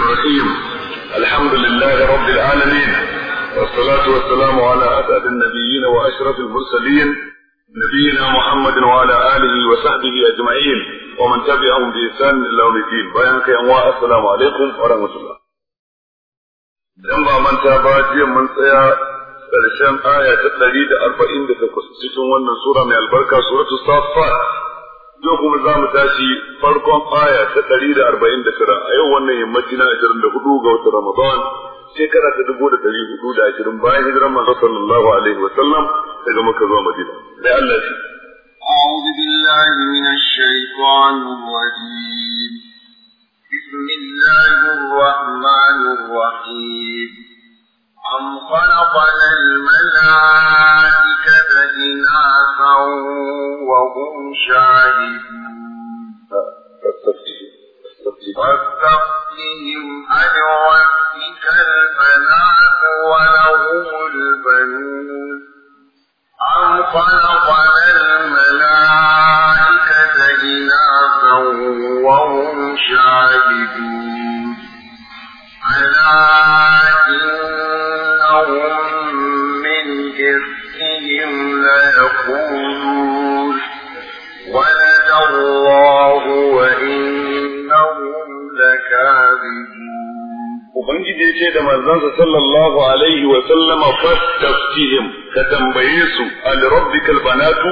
الرحيم الحمد لله رب العالمين والصلاة والسلام على أسعد النبيين وأشرف المرسلين نبينا محمد وعلى آله وصحبه أجمعين ومن تبعهم بإحسان إلى يوم الدين بيانك أنواع السلام عليكم ورحمة الله dan من manta من سيا mun tsaya ƙarshen aya ta 148 cikin wannan sura mai yau kuma za mu tashi farkon aya ta ɗari da arba'in da tara a yau wannan yammaci na ashirin da hudu ga watan ramadan shekara ta dubu da ɗari hudu da ashirin bayan hijiran manzo sallallahu alaihi wa sallam daga maka zuwa madina da allah shi أعوذ بالله من الشيطان الرجيم بسم الله الرحمن الرحيم أم خلقنا الملائكة إناثا وهم شاهدون فاستفتهم ألربك البنات ولهم البنون أم خلقنا الملائكة إناثا وهم شاهدون Ubangiji ce da manzansa sallallahu alaihi wa sallama fastaftihim ka tambaye su al-rabbikal banatu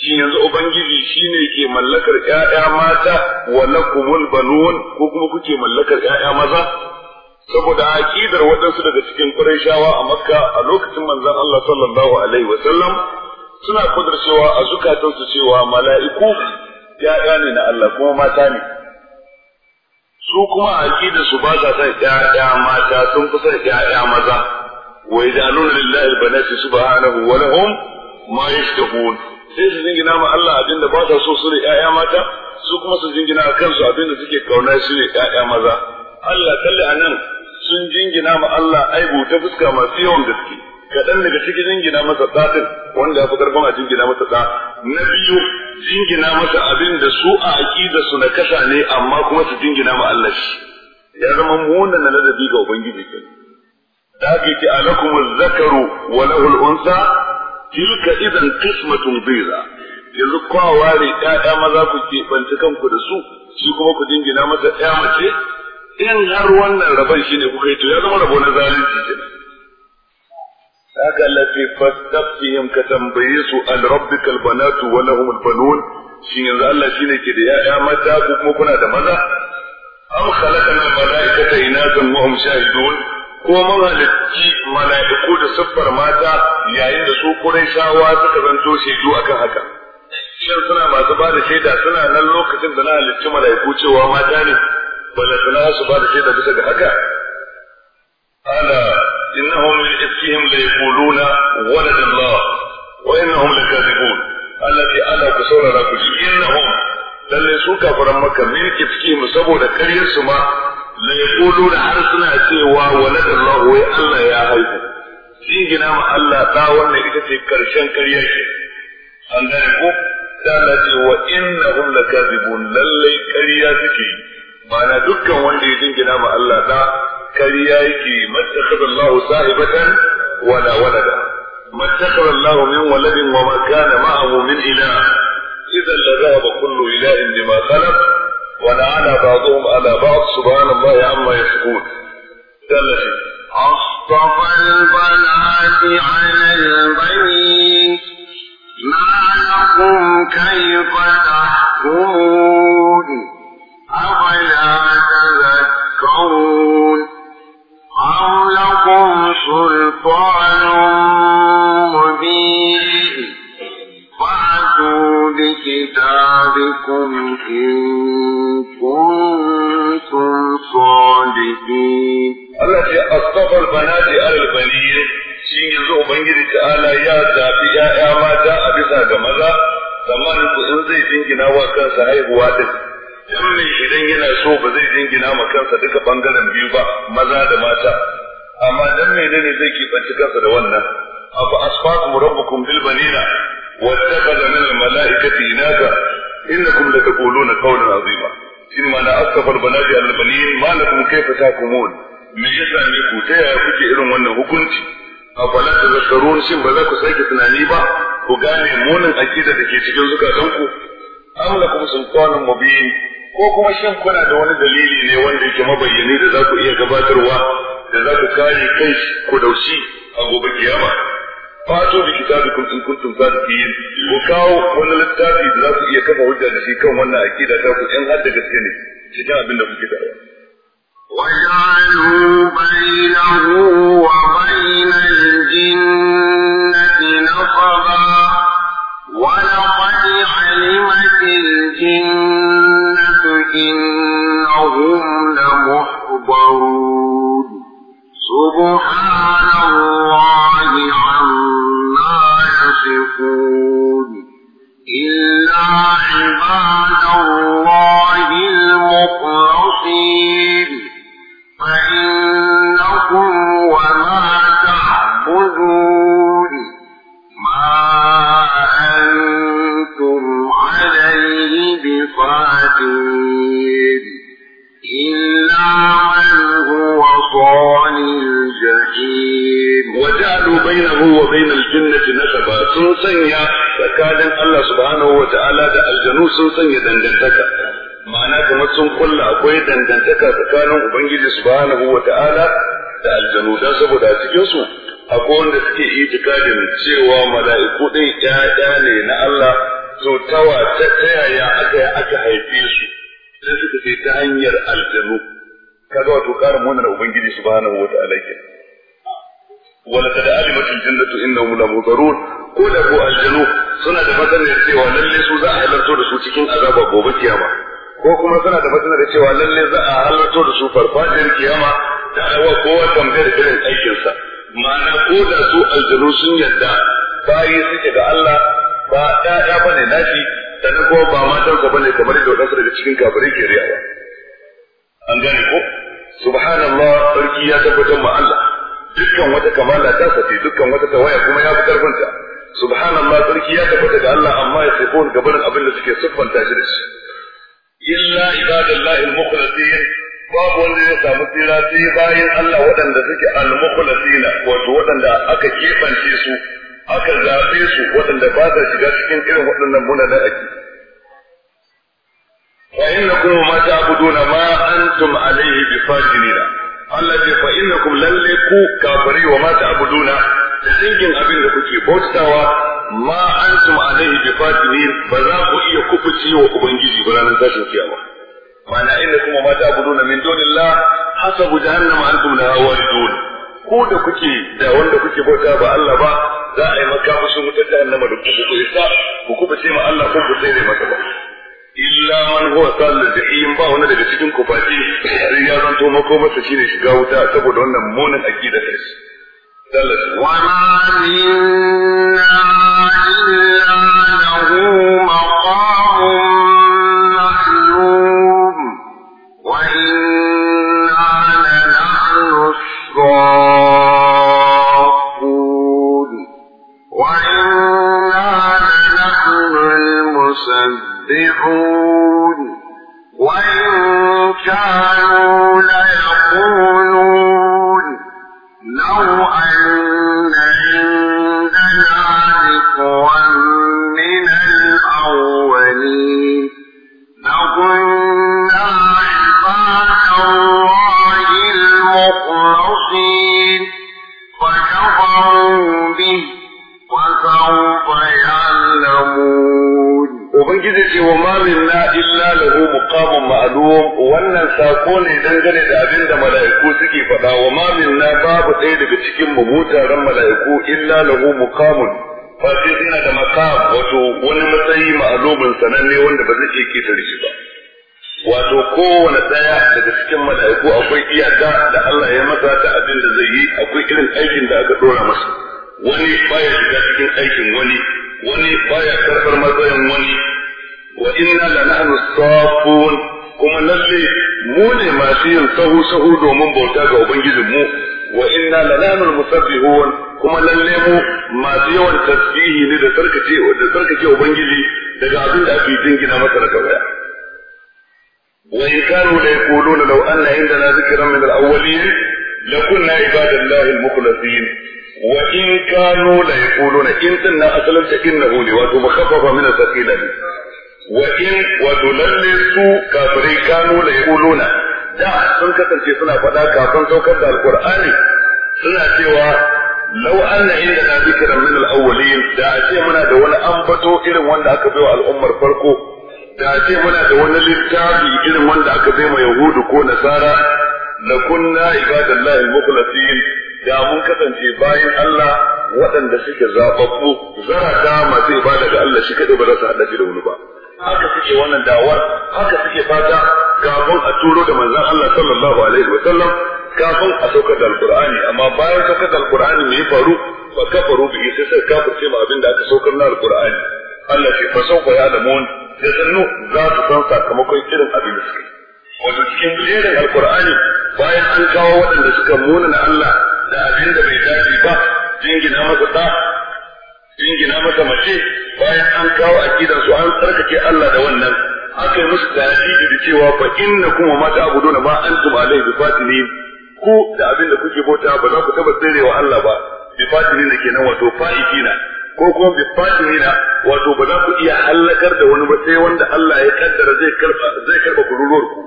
shi yanzu Ubangiji shine ke mallakar ƴaƴa mata wa lakumul banun ko kuma kuke mallakar ƴaƴa maza saboda aqidar waɗansu daga cikin Qurayshawa a Makka a lokacin manzon Allah sallallahu alaihi wa sallam suna kudurcewa a su cewa mala'iku ya'ya ne na Allah kuma mata ne su kuma aqidar su ba sa san ya'ya mata sun fi san ya'ya maza wa yaj'alun lillahi albanati subhanahu wa lahum ma yashtahun sai su jingina ma Allah abin da ba sa so su ne ‘ya'ya mata, su kuma su jingina kansu abin da suke kauna su ne ‘ya'ya maza. Allah kalli anan. sun jingina ma Allah aibu ta fuska masu yawan gaske kaɗan daga cikin jingina masa ɗaɗin wanda ya fi karfin a jingina masa ɗa na biyu jingina masa abin da su a aƙida su na kasa ne amma kuma su jingina ma Allah shi ya zama munan na ladabi ga ubangiji ke da ake ce alakum zakaru wa lahul unsa tilka idan qismatun dhiza yanzu kwa ware ƴaƴa maza ku ke banci kanku da su shi kuma ku jingina masa ƴa mace in har wannan rabon shi ne kuka yi to ya zama rabo na zalunci ke haka lafi fastafihim ka tambaye su an rabbika albanatu wa lahum albanun shin yanzu Allah shi ne ke da yaya mata ko kuma kuna da maza am khalaqana malaikata inasan wa hum shahidun ko mun malaiku da siffar mata yayin da su shawa suka zanto shaidu akan haka shin suna masu bada da shaida suna nan lokacin da na halicci malaiku cewa mata ne balantana su ba da shaida bisa ga haka ala innahum min ifkihim la yaquluna walad Allah wa innahum lakadibun allati ala ku saurara ku ji innahum lalle su kafiran maka min ifkihim saboda karyar su ma la yaquluna har suna cewa walad Allah wai Allah ya haihu jingina ma Allah da ita ce karshen karyar shi an gane ma'ana dukkan wanda ya jingina ma Allah da kariya yake mattakhadha Allahu sahibatan wala walada mattakhadha Allahu min waladin wa ma kana ma'ahu min ilah idan la dhahaba kullu ilahin bima khalaq wa la'ala ba'dhum ala ba'd subhanallahi amma yasifun dalati أصطفى البنات على البنين ما لكم كيف تحكمون أفلا تذكرون أم لكم سلطان مبين فأتوا بكتابكم إن كنتم صادقين التي أصطفى البنات على البنين shin yanzu Ubangiji ta'ala ya zaɓi ‘ya'ya mata a bisa ga maza, tsammanin in zai jingina wa kansa haihuwa ɗin, sirri idan yana so ba zai jingina ma kansa duka bangaren biyu ba maza da mata amma dan mai ne zai fanci kansa da wannan afa asfaqu rabbukum bil banina wattakhadha min al malaikati inaka innakum lataquluna qawlan azima in ma la banati al banin ma lakum kayfa takumun me yasa ne ku ta yaya kuke irin wannan hukunci afala tazakkarun shin ba za ku sake tunani ba ku gane munin akida da ke cikin zukatanku am lakum sultanun mubin ko kuma shin kuna da wani dalili ne wanda yake mabayyane da za ku iya gabatarwa da za ku kare kai ku daushi a gobe kiyama fato da kitabikum in kuntum za ku kawo wani littafi da za ku iya kafa hujja da shi kan wannan akida ta ku in har da gaske ne cikin abin da kuke da وجعلوا بينه وبين الجنة نصبا ولقد علمت الجنة إنهم لمحضرون سبحان الله عما يصفون إلا عباد الله المخلصين فإنكم وما تعبدون ما خالدين إلا من هو صال الجحيم وجعلوا بينه وبين الجنة نسبا سنسنيا فكان الله سبحانه وتعالى ده الجنو سنسنيا دندنتكا ma'ana kamar sun kulla akwai dangantaka tsakanin ubangiji subhanahu wa ta'ala da aljanu dan saboda a cikin su akwai wanda suke itikadin cewa ne na Allah to tawa ta yaya aka yi aka haife su sai suka ce ta hanyar aljanu kaga wato karin wannan ubangiji subhanahu wa ta'ala ke wala kada alimatul jannatu innahum la mudarrun ko da ko aljanu suna da matsalar cewa lalle su za a halarto da su cikin azaba gobe kiyama ko kuma suna da matsalar cewa lalle za a halarto da su farfajiyar kiyama da aiwa ko tambayar irin aikinsa ma'ana ko da su aljanu sun yarda bayi suke da Allah ba ɗaya ba ne nashi sannan ko ba ma matarsa ba ne kamar da wadansu daga cikin kafirai ke riyawa an gane ko subhanallah sarki ya tabbatar ma Allah dukkan wata kamala ta sace dukkan wata tawaya kuma ya fi karfinta subhanallah sarki ya tabbata ga Allah amma ya sai kowane gabanin abin da suke siffanta shi da shi illa ibadallah al-mukhlasin babu wanda ya samu tsira sai bayan Allah waɗanda suke al-mukhlasina wato waɗanda aka kebance su aka zaɓe su waɗanda ba sa shiga cikin irin waɗannan munanan aiki fa innakum ma ta'buduna ma antum alayhi bi na. Allah ce fa innakum lalle ku kafiri wa ma ta'buduna da dingin abin da kuke bautawa ma antum alayhi bi fajinin ba za ku iya kufuci wa ubangiji ba ranar tashin kiyama ma'ana innakum ma ta'buduna min dunillah hasabu jahannama antum laha waridun ko da kuke da wanda kuke bauta ba Allah ba za a yi maka musu da jahannama da kuku ku isa ku kuma ce ma Allah ko ku tsere maka ba illa man huwa sallu jahim ba wani daga cikin ku ce sai ya to mako shi ya shiga wuta saboda wannan munin aqida ta shi wa minna illa lahu maqamun يسبحون وإن كانوا ليقولون ya'malun wannan sako ne dangane da abin da mala'iku suke faɗa wa ma na babu ɗaya daga cikin mu mutaren mala'iku illa lahu muqamun fa suna da maqam wato wani matsayi ma'lumin sananne wanda ba zai iya ketare shi ba wato kowane daya daga cikin mala'iku akwai iyaka da Allah ya masa da abin da zai yi akwai irin aikin da aka dora masa wani baya shiga cikin aikin wani wani baya karɓar matsayin wani wa inna la nahnu safun kuma lalle mu ne masu yin sahu sahu domin bauta ga ubangijin mu wa inna lananul musabbihun kuma lalle mu masu yawan tasbihi ne da sarkace da sarkace ubangiji daga abin da ake jingina masa daga baya wa in kanu la yaquluna law anna indana dhikran min al-awwalin kunna ibadallahi al-mukhlasin wa in kanu la yaquluna in tunna asalanta innahu li wa tukhaffafa min al-thaqilati wa wato lalle su kafirai kanu la yaquluna da sun kasance suna faɗa kafin saukar da alqur'ani suna cewa law anna indana dhikran min al-awwalin da ce muna da wani ambato irin wanda aka bai wa al'ummar farko da ce muna da wani littafi irin wanda aka bai ma yahudu ko nasara la kunna ibadallahi al-mukhlasin da mun kasance bayan Allah waɗanda suke zababbu zarata masu ibada da Allah shi kaɗai ba za su haɗa shi da wani ba haka suke wannan dawar haka suke fata kafin a turo da manzon Allah sallallahu alaihi wa sallam kafin a saukar da alqur'ani amma bayan saukar da alqur'ani me ya faru fa kafaru bihi sai sai kafirce ma abin aka saukar na alqur'ani Allah ce fa sauka ya da mun da sannu za su san sakamakon irin abin da suke wato cikin jerin alqur'ani bayan an kawo waɗanda suka munana Allah da abin da bai dace ba jingina masa da gina mata mace bayan an kawo aqidar su an tsarkake Allah da wannan aka yi musu tarihi da cewa fa na ba an ma alai bi fatini ku da abin da kuke bota ba za ku taba tsirewa Allah ba fatini da kenan wato fa'idina ko kuma na wato ba za ku iya halakar da wani ba sai wanda Allah ya kaddara zai karba zai karba kururuwar ku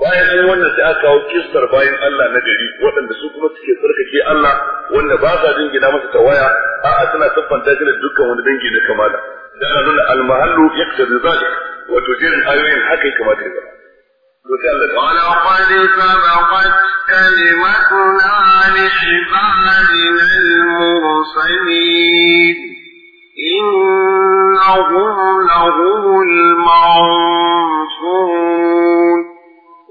bayan an wannan sai aka kawo kistar bayan Allah na gari waɗanda su kuma suke tsarkake Allah wanda ba sa jin jingina masa tawaya a a suna siffanta shi dukkan wani dangi na kamala da ana nuna almahallu yaqtadi zalik wato jerin ayoyin haka ya kamata ya ولقد سبقت كلمتنا لعبادنا المرسلين إنهم لهم المنصورون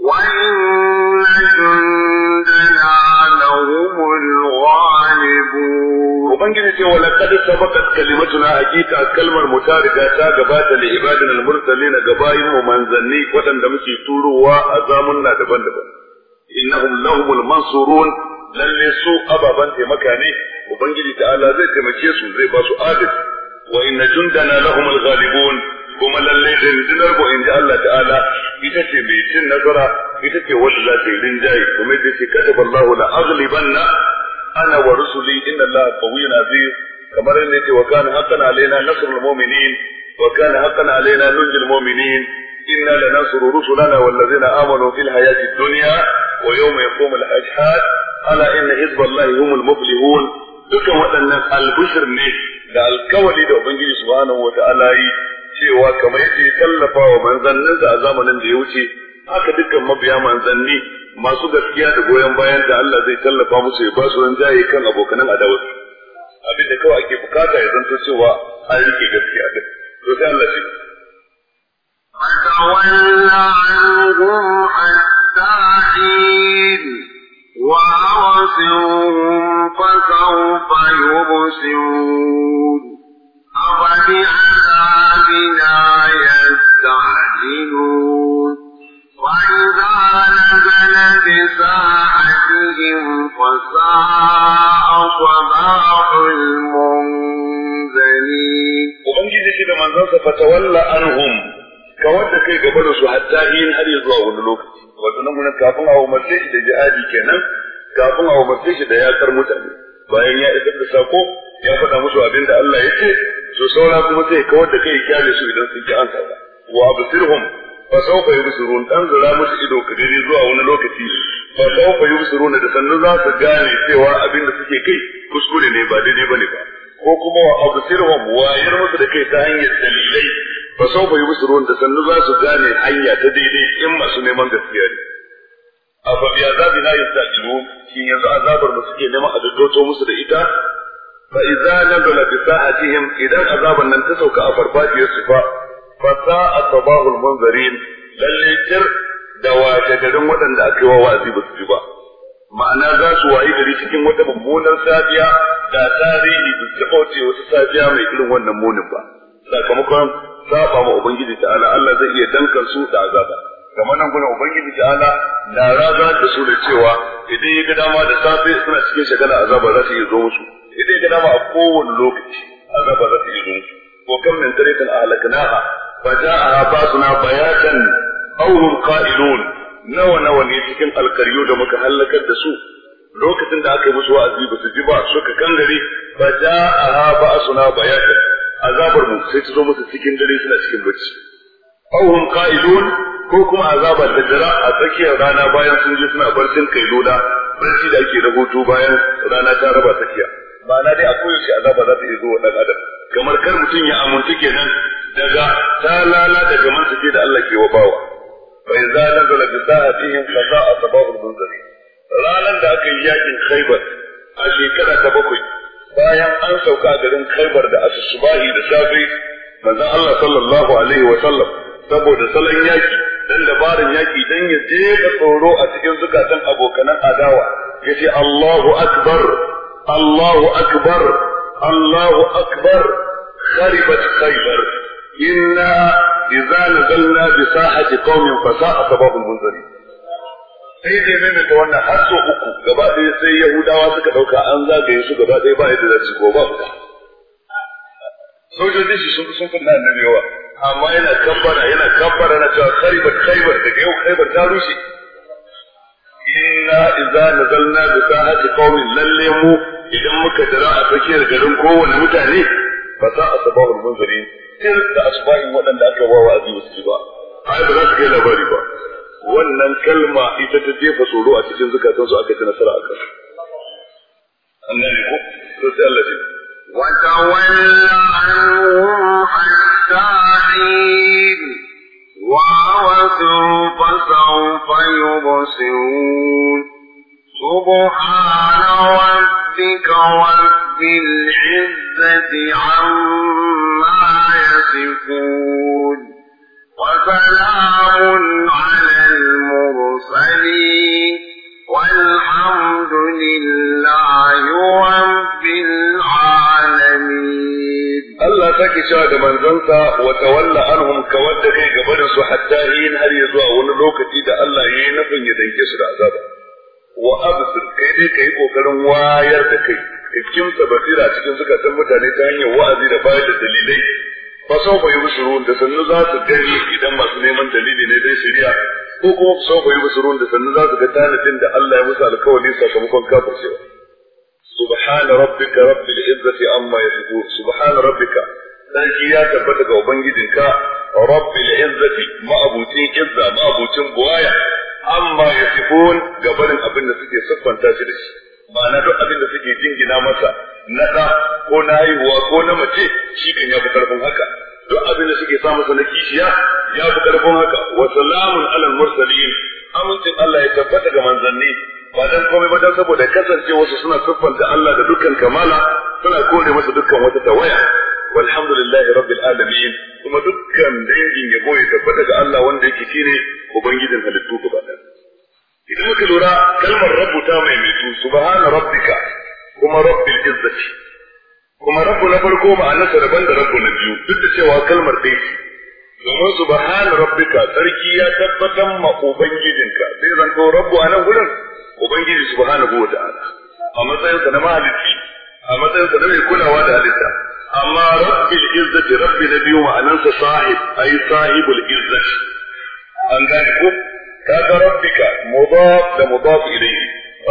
Ubangiji ce wa laƙadu sabakat kalimatuna a kika kalmar mu ta riga ta gabata ne ibadin almursali na gabayin mu manzanni waɗanda muke turowa a zamun na daban-daban. Inna hum lahumul mansurun lalle su ababan taimaka ne Ubangiji ta'ala zai taimake su zai ba su adadi wa inna jundana lahumul ghalibun kuma lalle da rundunar ko in ji Allah ta'ala ita ce mai cin nasara ita ce wacce za ta yi rinjaye kuma ita ce kada ballahu la aghlibanna ana wa rusuli inna Allah na aziz kamar yadda yake wa kana haqqan alaina nasrul mu'minin wa kana haqqan alaina nunjil mu'minin inna lanansuru rusulana wallazina amanu fil hayati dunya wa yawma yaqumul ashhad ala inna hizballahi humul muflihun dukan waɗannan albushir ne da alkawali da ubangiji subhanahu wa ta'ala yi cewa kamar yadda ya tallafa wa manzanninsa a zamanin da ya wuce haka dukkan mabiya manzanni masu gaskiya da goyon bayan da Allah zai tallafa musu ya ba su jaye kan abokanan adawar abin da kawai ake bukata ya zanto cewa an rike gaskiya din to sai Allah shi وأبصرهم فسوف يبصرون وبعذابنا يستعجلون وإذا نزل بساحتهم فساء صباح المنزلين وبنجد كده من ذلك فتولى عنهم كوانت كي قبلوا شهداء هل يزوى ولوك وتنمنا كافون أو مسيح لجهادي كنا kafin a umarce shi da yakar mutane bayan ya isar da sako ya faɗa musu abin da Allah ya ce su saura kuma sai kawar da kai kyale su idan sun ji an saura wa absirhum fa sawfa yusrun dan zura musu ido ka zuwa wani lokaci fa sawfa yusrun da sannan za su gane cewa abin da suke kai kuskure ne ba daidai bane ba ko kuma wa absirhum wayar musu da kai ta hanyar dalilai fa sawfa yusrun da sannan za su gane hanya ta daidai in masu neman gaskiya ne fa bi azabina yastajibun shin yanzu azabar mu suke neman a daddoto musu da ita fa idza nazala bi sa'atihim idan azaban nan ta sauka a farfajiyar su fa fa sa'a sabahul munzarin lalle kir da wace garin waɗanda aka yi wa wa'azi ba su ji ba ma'ana za su wayi gari cikin wata mummunar safiya da tarihi da ta kauce wata safiya mai irin wannan munin ba sakamakon saba ma ubangiji ta'ala Allah zai iya dankan su da azaba kamar nan gurin ubangiji ta'ala na raza da su da cewa idan ya ga dama da safe suna cikin shagala azaba za su iya zo musu idai ga dama a kowane lokaci azaba za ta yi su, ko kam min tariqan ahlaknaha fa ja'a basuna bayatan aw hum qa'ilun nawa nawa ne cikin alkaryu da muka halakar da su lokacin da aka yi musu wa'azi ba su ji ba suka kangare fa ja'a basuna bayatan azabar mu sai ta zo musu cikin dare suna cikin bacci aw hum qa'ilun ko kuma azabar da jira a tsakiyar rana bayan sun je suna barcin kailula barci da ake da bayan rana ta raba tsakiya Mana dai a koyaushe azaba za ta iya zo wa adam kamar kar mutum ya amince kenan daga talala da gaman take da Allah ke wa bawa fa idza nazala bi sahatihim a sa'a sabahul munzari Ranar da aka yi yakin Khaibar a shekara ta bakwai bayan an sauka garin Khaibar da asubahi da safe manzon Allah sallallahu alaihi wa sallam saboda salon yaki dan dabarin yaki dan ya jefa tsoro a cikin zukatan abokanan adawa yace Allahu akbar الله أكبر الله أكبر خربت خيبر إنا إذا نزلنا بساحة قوم فساء سباب المنذرين sai dai maimaita wannan har so uku gaba ɗaya sai yahudawa suka ɗauka an zagaye su gaba ɗaya ba yadda za su ko ba fita sojoji su sun sun kunna annabi yawa amma yana kabbara yana kabbara na cewa khaibar kaibar daga yau kaibar ta rushe inna idza nazalna bi sahati qaumin lalle mu idan muka jira a tsakiyar garin kowane mutane ba za a saba wa munzari sai da asbahin waɗanda aka ba a ba su ba a ba za su kai labari ba wannan kalma ita ta jefa tsoro a cikin su aka ci nasara a kan annabi ko to sai Allah wa وتول عنهم حتى wa وأبصر fasau يبصرون سبحان ربك رب العزة عما يصفون وسلام على المرسلين والحمد لله رب العالمين الله تكي شاهد من زنسا وتولى عنهم كودك قبل سحتاهين هل يزوى ونلوك تيد الله ينفن جسر عذابه wa absir kai dai kai kokarin wayar da kai ka kimsa basira cikin zukatan mutane ta hanyar wa'azi da bayar da dalilai fa sau fa yubsirun da sannu za su gani idan masu neman dalili ne dai shirya, ko kuma sau fa yubsirun da sannu za su ga tanadin da Allah ya musu alkawari sakamakon kafircewa سبحان ربك رب العزة عما يصفون سبحان ربك sarki ya tabbata ga ubangijinka rabbil izzati ma'abucin izza ma'abucin buwaya amma yasifun ga gabarin abin da suke siffanta shi da shi na duk abin da suke jingina masa na ɗa ko na haihuwa ko na mace shi kan ya fi karfin haka duk abin da suke samu sa na kishiya ya fi karfin haka wa salamun alal mursalin amincin Allah ya tabbata ga manzanni ba dan komai ba dan saboda kasance wasu suna siffanta Allah da dukkan kamala suna kore masa dukkan wata tawaya walhamdulillahi rabbil alamin kuma dukkan dangin yabo ya tabbata ga Allah wanda yake shine ubangijin halittu gaba idan muka lura kalmar rabbu ta mai mitu subhana rabbika kuma rabbil izzati kuma rabbu na farko ba ma'anarsa daban da rabbu na biyu duk da cewa kalmar ɗaya ce domin subhana rabbika sarki ya tabbatar ma ubangijinka sai zan zanto rabbu a nan gurin ubangiji subhanahu wa ta'ala a matsayinsa na mahalicci a matsayinsa na mai kulawa da halitta amma rabbil izzati rabbi na biyu ma'anansa sahib ay sahibul izzati an gane ku kaga rabbika mudaf da mudaf ilayhi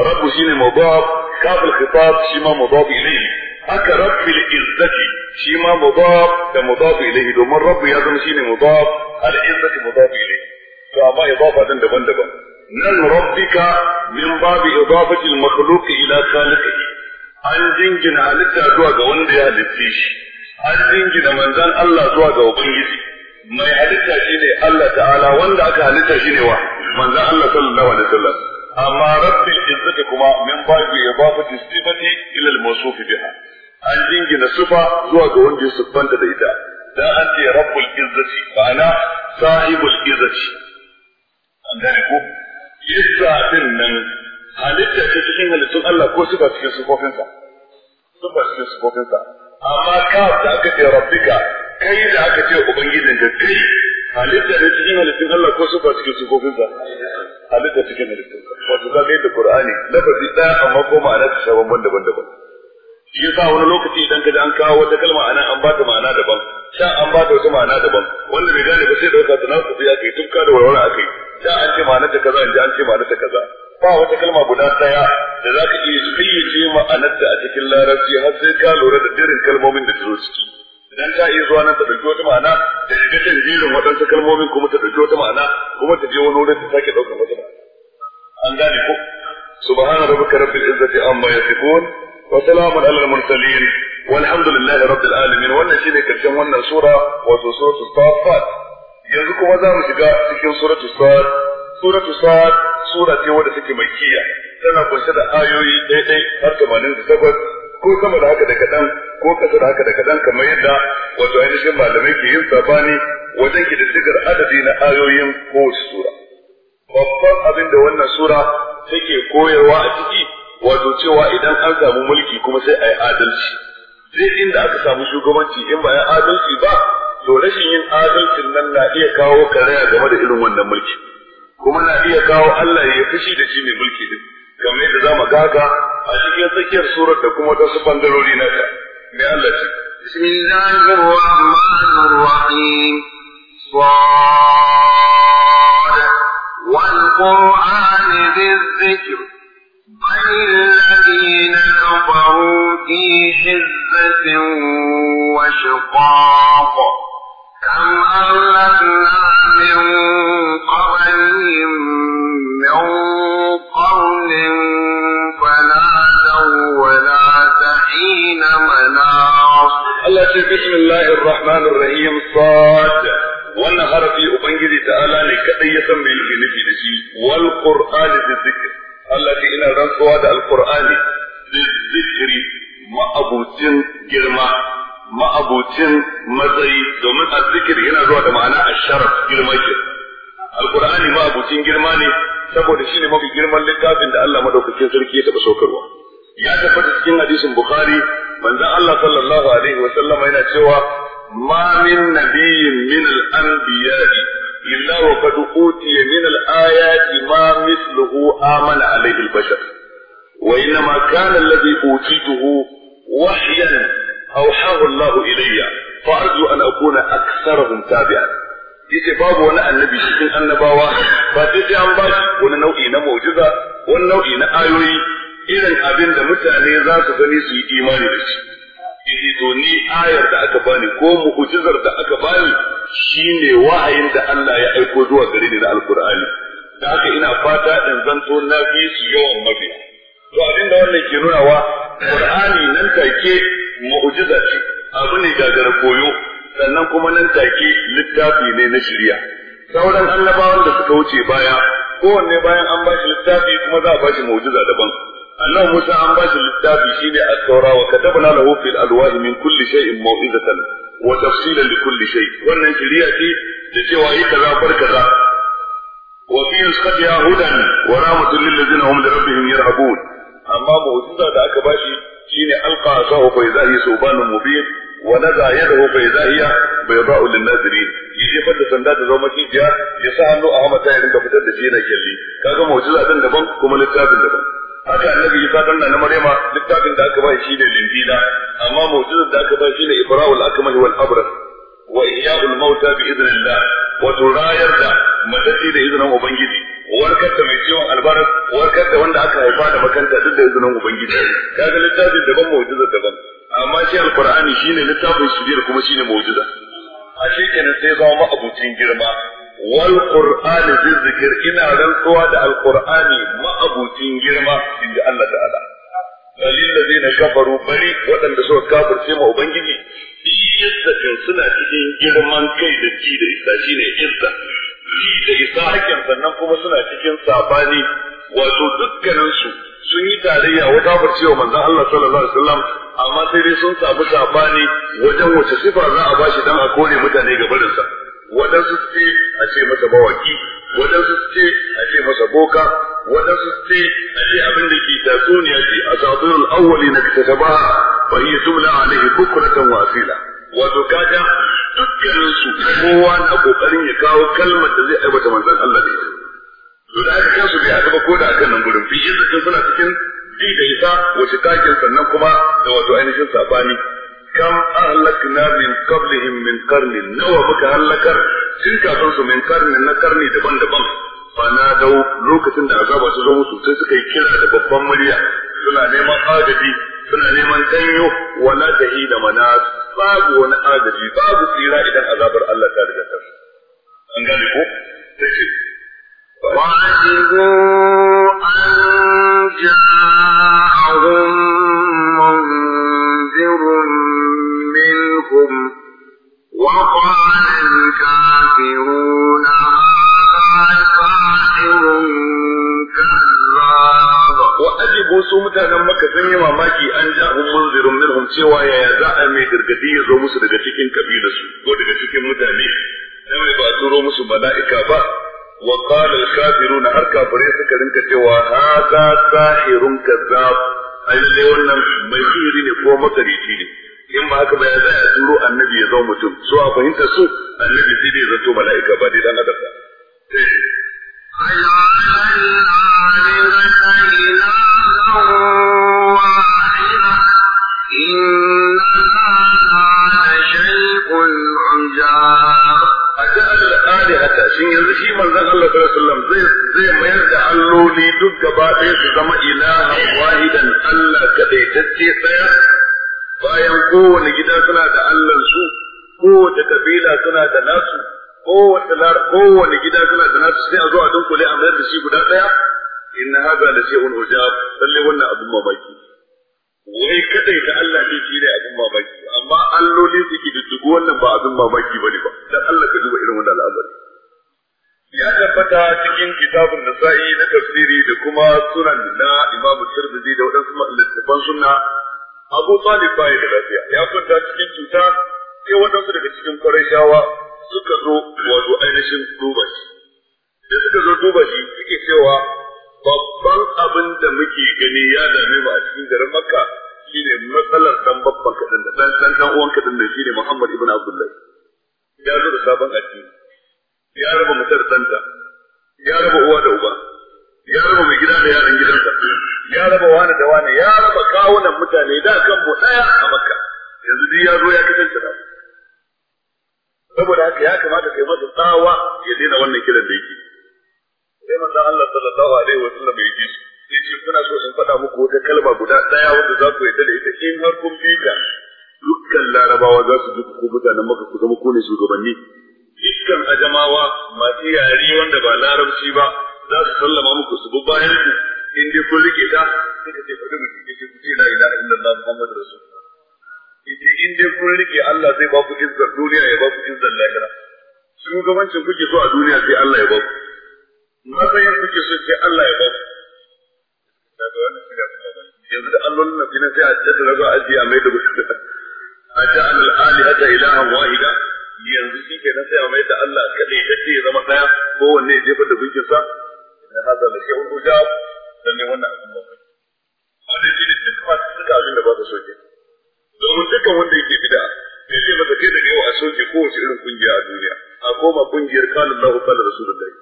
rabbu shine mudaf kafil khitab shi ma mudaf ilayhi haka rabbil izzati shi ma mudaf da mudaf ilayhi domin rabbu ya zama shine mudaf al izzati mudaf ilayhi to amma idafa din daban-daban nan rabbika min babi idafati al makhluq ila khaliqihi an jingina halitta zuwa ga wanda ya halitta shi an jingina manzan Allah zuwa ga ubangiji mai halitta shi ne Allah ta'ala wanda aka halitta shi ne wa manzan Allah sallallahu alaihi wasallam amma rabbil izzati kuma min babu ibafati sifati ila al-mawsuf biha an jingina sufa zuwa ga wanda ya siffanta da ita dan an ce rabbul izzati ma'ana sahibul izzati an gane ko yasa din nan halitta ce cikin halittun Allah ko ba cikin sufofinsa ba cikin sufofinsa amma ka da aka ce rabbika kai da aka ce ubangijin da kai halitta ce cikin halittun Allah ko ba cikin sufofinsa halitta cikin halittun wato ka ga yadda Qur'ani lafazi ɗaya amma ko ma'ana ta sha bamban daban-daban shi yasa wani lokaci idan ka ji an kawo wata kalma nan an ba ta ma'ana daban sha an ba ta wata ma'ana daban wanda bai gane ba sai dauka tunan su ya kai tufka da warwara akai sha an ce ma'ana ta kaza an ji an ce ma'ana ta kaza ba wata kalma guda daya da za ka iya fayyace ma'anarta a cikin larabci har sai ka lura da dirin kalmomin da ta zo ciki idan ta iya zuwa nan ta ɗauki wata ma'ana da shiga tanjirin waɗansu kalmomin kuma ta ɗauki wata ma'ana kuma ta je wani wurin ta sake ɗaukar wata ma'ana an gane ko subhana rabbika rabbil izzati amma yasifun wa salamun alal mursalin walhamdulillahi rabbil alamin wannan shine karshen wannan sura wato suratul safat yanzu kuma za mu shiga cikin suratul safat suratu sa'ad sura ce wadda take makkiya tana kunshe da ayoyi daidai har takwas ko sama da haka da kaɗan ko kasa da haka da kaɗan kamar yadda wato ainihin malamai ke yin sabani wajen ki da sigar adadi na ayoyin kowace sura. Babban abin da wannan sura take koyarwa a ciki wato cewa idan an samu mulki kuma sai a yi adalci. Zai inda aka samu shugabanci in ba ya adalci ba, to rashin yin adalcin nan na iya kawo karaya game da irin wannan mulki. kuma na iya kawo Allah ya fushi da shi mai mulki din kamar yadda zamu gaga a cikin tsakiyar surar da kuma wasu bangarori na ta mai Allah ce bismillahir rahmanir rahim صاد والقرآن ذي الذكر بل الذين كفروا في حزة وشقاق ce bismillahir rahmanir rahim sad wannan harafi ubangiji ta'ala ne kadai ya san me yake nufi da shi wal qur'ani da zikr Allah ce ina rantsuwa da alqur'ani da zikri ma'abucin girma ma'abocin matsayi domin azzikir yana zuwa da ma'ana sharaf girma ke alqur'ani ma'abocin girma ne saboda shine mafi girman littafin da Allah madaukakin sarki ya taɓa saukarwa ya tabbata cikin hadisin bukhari manzon Allah sallallahu alaihi wa sallama yana cewa ma min nabiyyin min al-anbiya'i illa wa qad utiya min al-ayati ma mithluhu amana alaihi al-bashar وإنما كان الذي أوتيته وحيا أوحاه الله إلي فأرجو أن أكون أكثرهم تابعا yace babu wani annabi cikin annabawa ba sai sai an ba wani nau'i na mu'jiza wani nau'i na ayoyi irin abin da mutane za su gani su yi imani da shi yace to ni ayar da aka bani ko mu'jizar da aka bani shine wa'ayin da Allah ya aiko zuwa gare ni na alkur'ani da haka ina fata in zanto na fi su yawan mabiya to abin da wannan ke wa qur'ani nan take mu'jiza ce abu ne gagar koyo sannan kuma nan take littafi ne na shirya sauran annabawan da suka wuce baya kowanne bayan an ba shi littafi kuma za a bashi shi mu'jiza daban annabi Musa an ba shi littafi shine at-taura wa katabna lahu fil alwahi min kulli shay'in maw'izatan wa tafsilan li kulli shay wannan shirya ce da cewa yi kaza bar kaza wa fi yusqatiha hudan wa rahmatul lil ladzina hum li rabbihim yarhabun amma mu'jiza da aka bashi. shine alqa asahu fa idza hiya subanun mubin wa naza yadahu fa idza hiya bayda'u lin nazirin yi jefar da sanda ta zama kijiya ya sa hannu a hamata ya rinka fitar da shi yana kyalli kaga mu'jiza din daban kuma littafin daban haka annabi Isa dan na Maryama littafin da aka ba shi ne linjila amma mu'jizar da aka ba shi ne ibra'ul akmal wal abras wa ihya'ul mauta bi idnillah wa turayar da matati da izinin ubangiji warkar da mai ciwon warkar da wanda aka haifa da makanta duk da izinin ubangiji kaga littafin daban mu'jiza daban amma shi alqur'ani shine littafin shiriyar kuma shine mu'jiza a shi kenan sai zama ma'abucin girma wal qur'ani zikr ina rantsuwa da alqur'ani ma'abucin girma inda Allah ta'ala dalil ladina kafaru bari waɗanda suka kafirce ma ubangiji bi izzatin suna cikin girman kai da ci da isa shine izza ji da isa haƙƙin sannan kuma suna cikin sabani wato dukkaninsu sun yi tarayya wata ba cewa manzon Allah sallallahu alaihi wasallam amma sai dai sun samu sabani wajen wace sifa za a bashi dan a kore mutane ga barinsa waɗansu su ce a ce masa mawaƙi, waɗansu su ce a ce masa boka waɗansu su ce a ce abin da ke tatsuniya ce a sabbin al'awwali na kitaba fa yi jumla alaihi bukratan wasila. wato kaga dukkanin su kowa na kokarin ya kawo kalmar da zai aibata manzon Allah ne to da aka kansu bai aka ko da akan nan gurin bi yin suna cikin ji da isa wace kakin sannan kuma da wato ainihin sabani kam ahlakna min qablihim min qarni nawa muka halakar tun kafin su min karni na karni daban-daban fa na dau lokacin da azaba su zo musu sai suka yi kira da babban murya suna neman agaji suna neman ganyo wala da mana babu wani agaji babu tsira idan azabar Allah ta riga ta an gane ko take وعجبوا أن جاءهم منذر منهم وقال الكافرون ko su mutanen maka sun yi mamaki an ja hun munzirun minhum cewa yaya za a mai gargadi ya zo musu daga cikin kabilarsu ko daga cikin mutane da mai ba turo musu mala'ika ba wa qala al-kafiruna har kafare suka rinka cewa hadha sahirun kazzab wannan mai sihiri ne ko makarici ne in ba haka ba ya turo annabi ya zama mutum so a fahimta su annabi sai dai zato mala'ika ba dai dan adam ba shin yanzu shi Allah zai mayar da alloni duk gaba su zama ilahan wahidan Allah kadaitacce bayan kowane gida suna da Allah kowace suna da nasu gida suna da nasu sai a zo a dunkule a mayar da shi guda ɗaya inna da la shay'un ujab lalle wannan abin mamaki wai kadai da Allah ne shi ne abin mamaki amma alloli suke duddugu wannan ba abin mamaki bane ba dan Allah ka duba irin wannan al'amari ya tabbata cikin kitabun nasa'i na tafsiri da kuma sunan na Imam Tirmidhi da wadansu littafan sunna Abu Talib bai da lafiya ya kwanta cikin cuta sai wadansu daga cikin Qurayshawa suka zo wato ainihin duba shi da suka zo duba shi suke cewa babban abin da muke gani ya dame ba a cikin garin makka shine matsalar dan babban kaɗan da dan dan dan uwan kaɗan da shine muhammad ibn abdullahi ya zo da sabon addini ya raba mutar danta ya raba uwa da uba ya raba mai gida da yaran gidansa ya raba wani da wani ya raba kawunan mutane da kan mu daya a makka yanzu duk ya zo ya kasance da saboda haka ya kamata kai masa tsawa ya daina wannan kiran da yake sai manzo Allah sallallahu alaihi wa sallam ya ji sai ce kuna so in faɗa muku wata kalma guda ɗaya wanda za ku yadda da ita in har kun bi ta dukkan larabawa za su ji ku mutanen maka ku zama kone shugabanni dukkan ajamawa masu yare wanda ba larabci ba za su sallama muku su bi bayan ku in dai kun rike ta suka ce fadi mutum ke ku ce la ilaha illallah muhammadu rasulullah ita in dai kun rike Allah zai ba ku izzar duniya ya ba ku izzar lahira shugabancin kuke so a duniya sai Allah ya ba ku matsayin kuke so sai Allah ya ba ku yanzu da allolin na fina sai a jaddada raba ajiya mai da wasu a ja'al al-ali hada ilahan wahida yanzu shi ke nan sai a mai da Allah kaɗai ya ya zama ɗaya ko wanne ya jefa da gunkinsa da haza da shehun hujab da ne wannan abin ba wanda ya ce da duk masu suka abin da ba su soke domin dukkan wanda yake bida ya ce masa kai da yawa a soke kowace irin kungiya a duniya a koma kungiyar kalin lahu da rasulullahi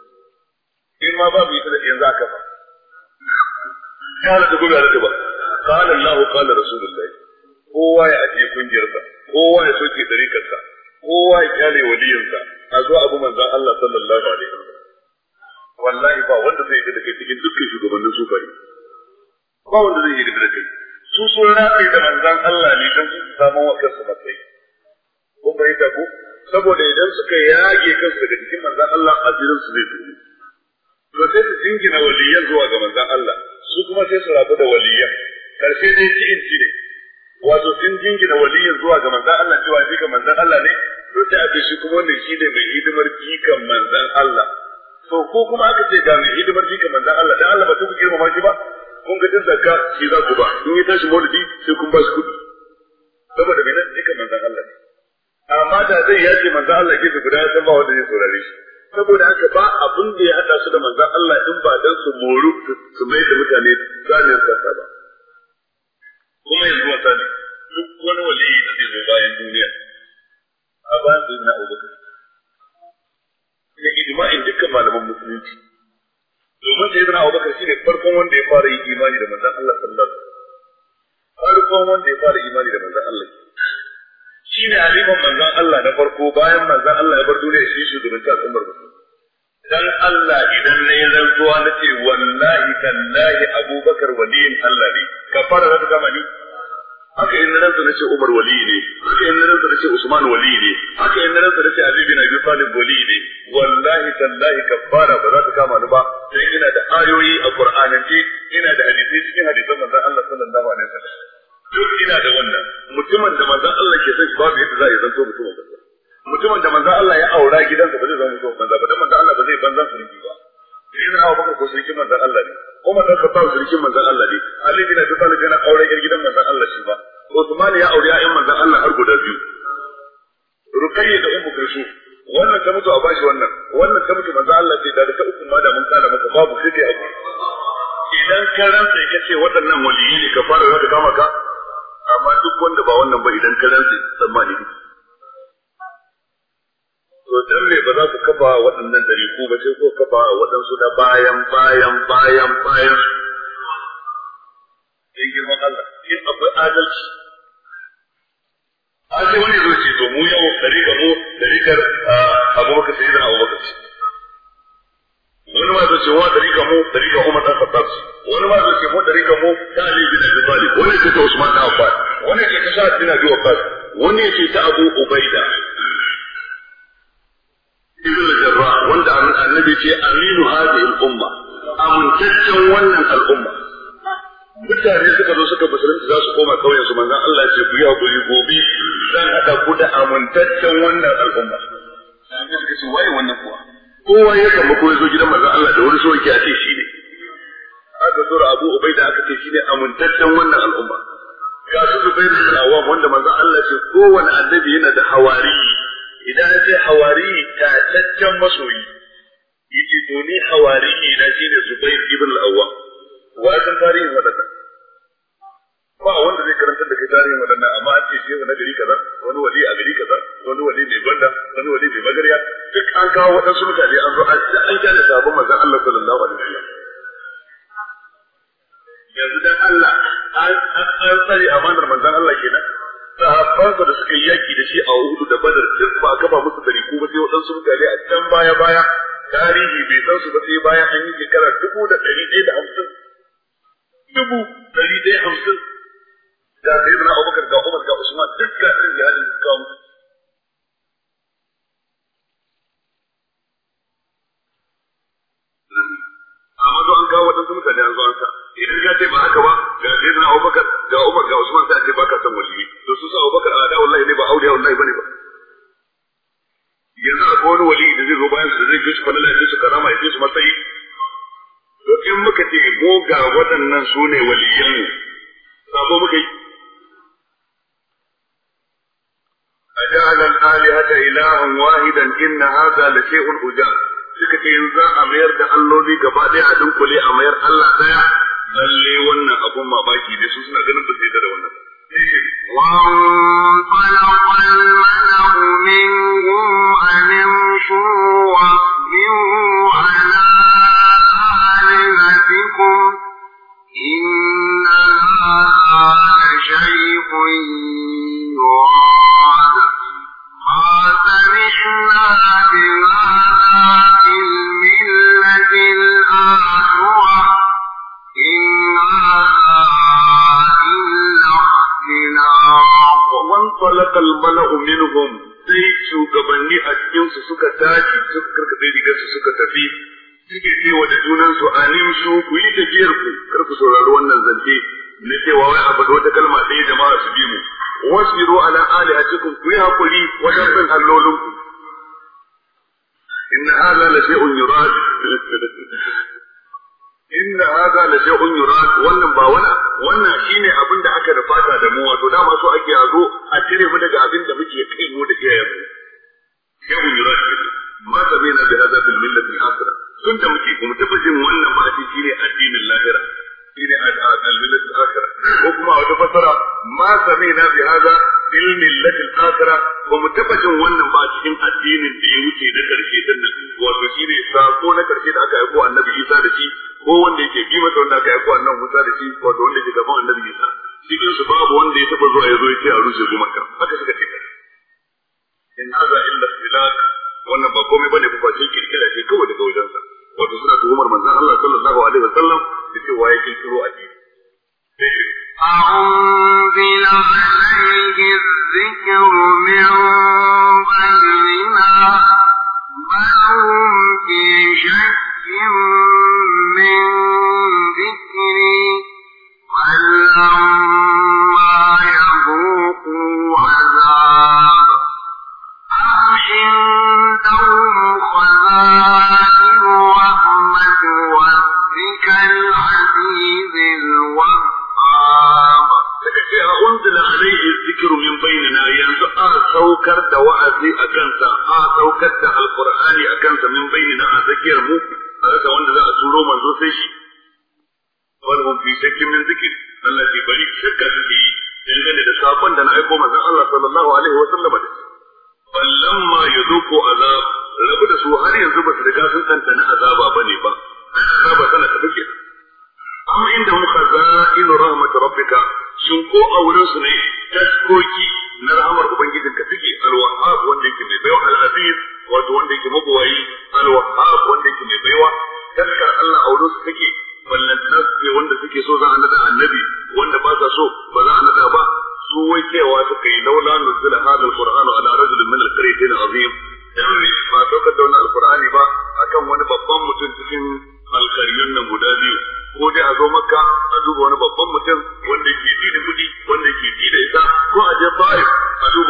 in ma ba babu ita da yanzu aka ba ya halatta gobe halatta ba qala Allah qala rasulullahi kowa ya ajiye kungiyarsa kowa ya soke ɗarikarsa, kowa ya kyale waliyinsa a zo abu manzan Allah sallallahu alaihi wasallam wallahi ba wanda zai yi da kai cikin dukkan shugabannin sufari ba wanda zai yi da kai su sun rafe da manzan Allah ne don su samu wa kansu matsayi kun fahimta ko saboda idan suka yage kansu daga cikin manzan Allah azirin zai tsoro to sai su jingina waliyan zuwa ga manzon Allah su kuma sai su rabu da waliyan karshe ne ci in ci ne wato sun jingina waliyan zuwa ga manzon Allah cewa shi ga manzon Allah ne to sai a ce shi kuma wannan shi ne mai hidimar jikan manzon Allah to ko kuma aka ce ga mai hidimar jikan manzon Allah dan Allah ba ta girmama shi ba kun ga din zakka shi za ku ba in ya tashi maulidi sai kun ba shi kuɗi saboda mai nan jikan manzon Allah ne amma da zai yace manzon Allah gefe guda ya san ba wanda zai saurare shi saboda haka ba abin da ya hada su da manzon Allah in ba dan su moru su mai da mutane zanin sarsa ba kuma yanzu wata ne duk wani wali da ke zo bayan duniya a bayan su na Abubakar da ijma'in dukkan malaman musulunci domin sai zana Abubakar shine farkon wanda ya fara yin imani da manzon Allah sallallahu alaihi wasallam farkon wanda ya fara imani da manzon Allah shi ne halifan manzan Allah na farko bayan manzan Allah ya bar duniya shi ta al'ummar ba. dan Allah idan na yi rantsuwa na ce wallahi tallahi abubakar waliyin Allah ne ka fara ta gama ni haka in rantsa na ce Umar wali ne haka in rantsa na ce Usman wali ne haka in rantsa na ce Abi bin Abi Talib wali ne wallahi tallahi fara ba za ta kama ni ba sai ina da ayoyi a kur'anance, ina da hadisi cikin hadisan manzon Allah sallallahu alaihi wasallam za sa ya zanto mutumin banza mutumin da manzan Allah ya aura gidansa ba zai zama mutumin banza ba dan manzan Allah ba zai banzan sunki ba sai na hawa baka ko sunki manzan Allah ne kuma dan ka ba sunki manzan Allah ne Ali bin Abi Talib wasu da bayan bayan bayan bayan su tsare amanar manzan Allah kenan sahabbansa da suka yi yaki da shi a Uhud da Badar duk ba kafa musu dari ko ba sai waɗansu mutane a can baya baya tarihi bai san su ba sai baya an yi shekara dubu da ɗari ɗaya da hamsin dubu ɗari ɗaya hamsin da sai na Abubakar ga Umar ga Usman duk ga ɗin jihadin da kawo amma zo an kawo waɗansu mutane an zo an sa idan ya ce ba haka ba ga zai abubakar ga umar ga usman sai ce ba ka san waliyi to su sa abubakar da wallahi ne ba auliya wallahi bane ba yanzu akwai wani wali da zai zo bayan su zai ji su falala su karama ya ji su matsayi to in muka ce ko ga waɗannan su ne waliyan sabo muka yi أجعل الآلهة إلها واحدا إن هذا لشيء عجاب suka ce yanzu za a mayar da alloli gaba ɗaya a dunkule a mayar Allah ɗaya lalle wannan abun mamaki ne su suna ganin ba sai da wannan وانطلق الملأ منهم أن امشوا fantalaqal mala'u minhum sai shugabanni a cikin su suka tashi suka karkade rigar su suka tafi suke cewa wa junan su alimshu ku yi tafiyar ku kar ku saurari wannan zance na cewa wai a faɗi wata kalma ɗaya jama'a su bi mu wasbiru ala alihatikum ku yi hakuri wajen bin allolinku إن هذا لشيء يراد إن هذا لشيء wannan ba باونا wannan shi ne abin da aka rufata da mu wato dama so ake a zo a cire mu daga abin da muke kai mu da iyayen mu yau mu yura shi ma sabina bi hadha fil millati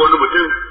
wani mutum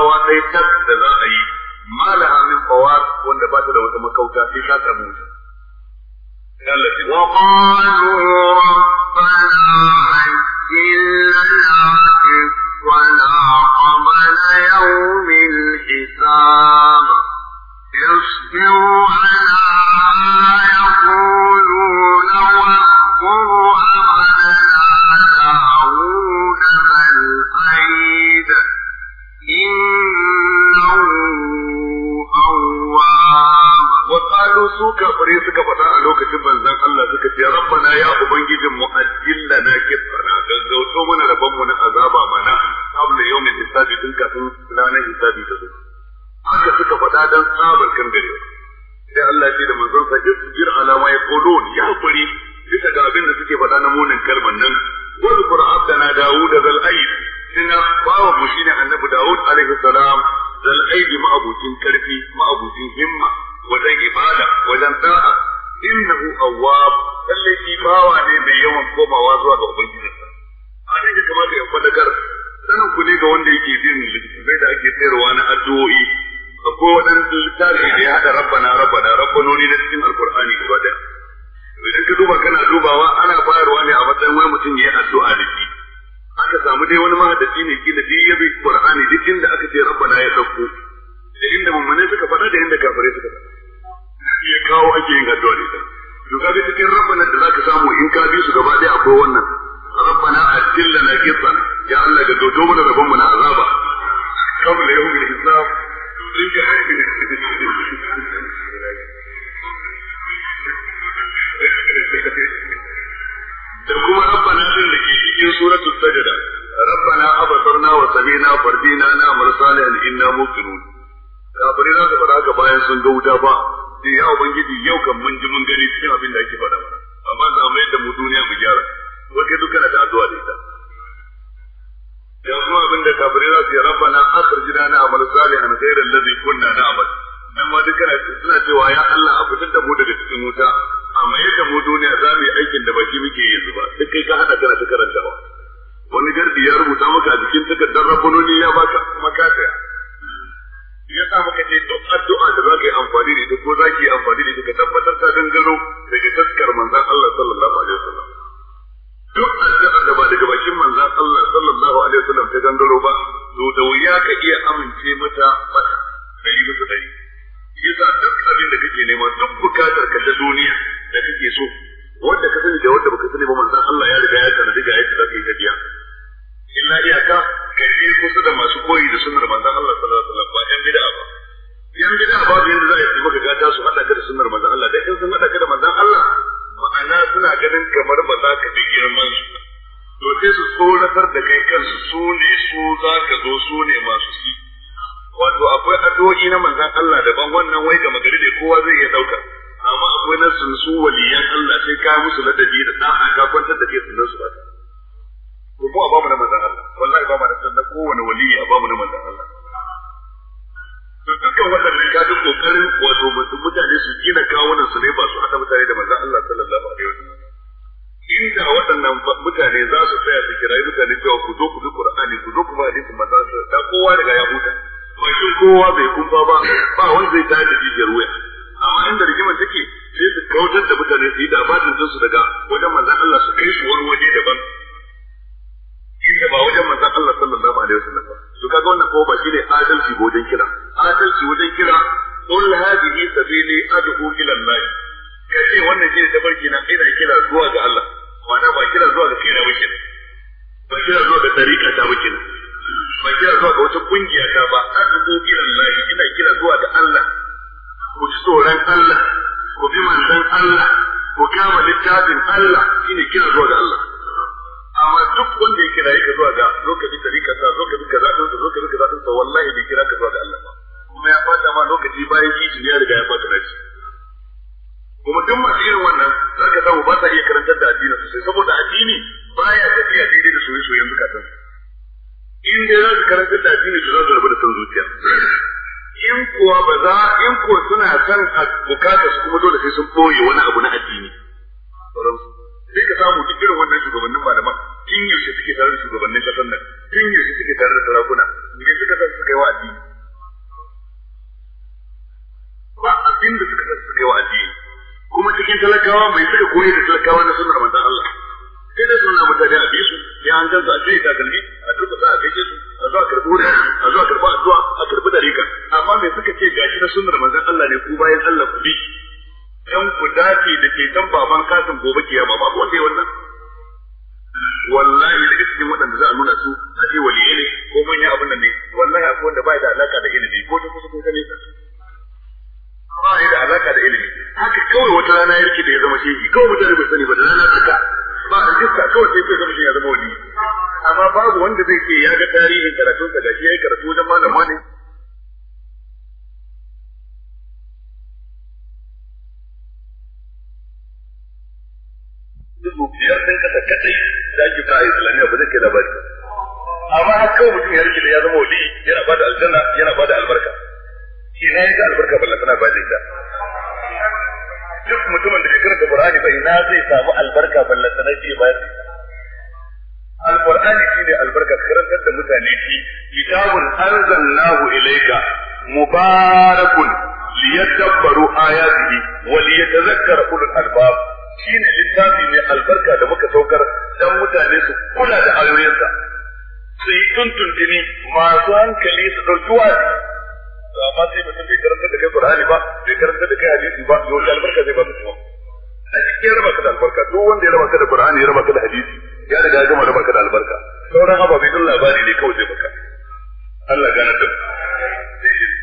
wawa sai tak da za a yi malaha min fawar wanda ba ta da wata makauta sai ka samu ta وقالوا ربنا عجل لنا رزقنا قبل يوم الحساب اصبر Allah suka ce rabbana ya ubangijin mu ajilla na gaggauto mana rabban mu na azaba mana qabla yawmin hisabi din kafin ranar hisabi haka suka dan kan gare sai Allah ya ce da manzon sa jir ala ma yaqulun ya hakuri bisa ga abin da suke faɗa na munin kalman nan wal qur'an na dawud zal aid bawo annabi dawud alaihi salam zal karfi ma'abucin himma komawa zuwa ga ubangijinsa a nan ya kamata ya fadakar sanin ku ne ga wanda yake bin littattafai da ake sayarwa na addu'o'i akwai waɗansu littafi da ya haɗa rabbana rabbana rabbanoni na cikin tsoron Allah ku bi manzon Allah ku kama littafin Allah shine kira zuwa ga Allah amma duk wanda ya kira ka zuwa ga zo ka bi tarika ta zo ka bi kaza din zo ka bi kaza din wallahi bai kira ka zuwa ga Allah ba kuma ya fata ma lokaci bayan kici ne ya riga ya fata nashi kuma duk masu irin wannan za ka samu ba sa iya karantar da addini sosai saboda addini baya tafiya daidai da soyayyen zukatan in dai za su karantar da addini su za su rabu da son zuciya in kuwa ba za in ko suna san a bukata su kuma dole sai sun boye wani abu na addini sai ka samu duk irin wannan shugabannin malaman tun yaushe suke tare da shugabannin kasar nan tun yaushe suke tare da sarakuna me suka san suka yi wa addini ba abin da suka san suka yi wa addini kuma cikin talakawa mai suka koyi da talakawa na sunnar manzon Allah sai da sunnar mutane a bi su ya an ganta a cikin kakalli a za a gaishe su a zuwa karbi wuri a zuwa karbi addu'a a karbi dariƙa amma me suka ce gashi na sunnar manzon Allah ne ku bayan Allah ku bi dan ku dace da ke kan baban katin gobe ke kiyama ba ko sai wannan wallahi daga cikin waɗanda za a nuna su a ce waliyai ne ko manya abin nan ne wallahi akwai wanda ba da alaka da ilimi ko ta kusa ko ta nesa ba da alaka da ilimi haka kawai wata rana ya rike da ya zama shehi kawai mutane bai sani ba da rana tsaka ba a iska kawai sai ya zama shehi ya zama waliyi amma babu wanda zai ce ya ga tarihin karatun sa gashi yi karatu wajen malama ne mubarakun liyadabbaru ayatihi wa liyatadhakkara ulul albab shine littafi mai albarka da muka saukar dan mutane su kula da ayoyinsa su yi tuntuntuni masu hankali su dauki wani to sai mutum bai karanta da kai Qur'ani ba bai karanta da kai hadisi ba yau albarka zai ba su a cikin raba ka da albarka duk wanda ya raba ka da Qur'ani ya raba ka da gama ka da albarka zai baka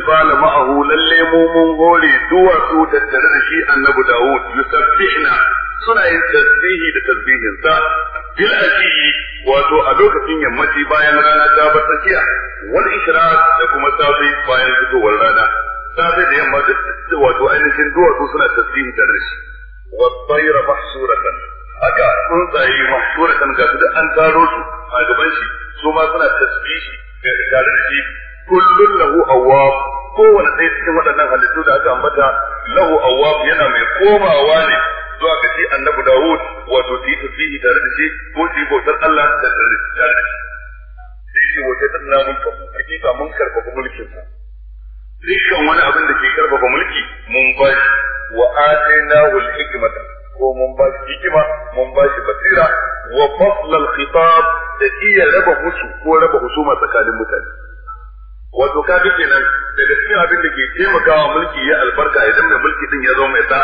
jibala ma'ahu lalle mu mun gore duwatsu tattare da shi annabi Dawud yusabbihna suna yin tasbihi da tasbihin sa bil wato a lokacin yammaci bayan rana ta bar tsakiya wal ishraq da kuma safi bayan fitowar rana safi da yamma da wato ainihin duwatsu suna tasbihi tare da shi wa tsayra mahsuratan haka tsuntsaye mahsuratan ga su da an taro a gaban shi su suna tasbihi tare da shi kullun lahu awwab kowane ɗaya cikin waɗannan halittu da aka ambata lahu awwab yana mai komawa ne zuwa ga shi annabi Dawud wato shi tafihi tare da shi ko shi bautar Allah da tare da shi sai shi wata tsanna mun ka hakika mun karfafa mulkin sa dukkan wani abin da ke karfafa mulki mun ba shi wa atayna wal hikmata ko mun ba shi hikima mun ba shi basira wa fasl al khitab da iya raba musu ko raba husuma tsakanin mutane wato ka duk kenan daga cikin abin da ke taimakawa mulki ya albarka idan mai mulki din ya zo mai da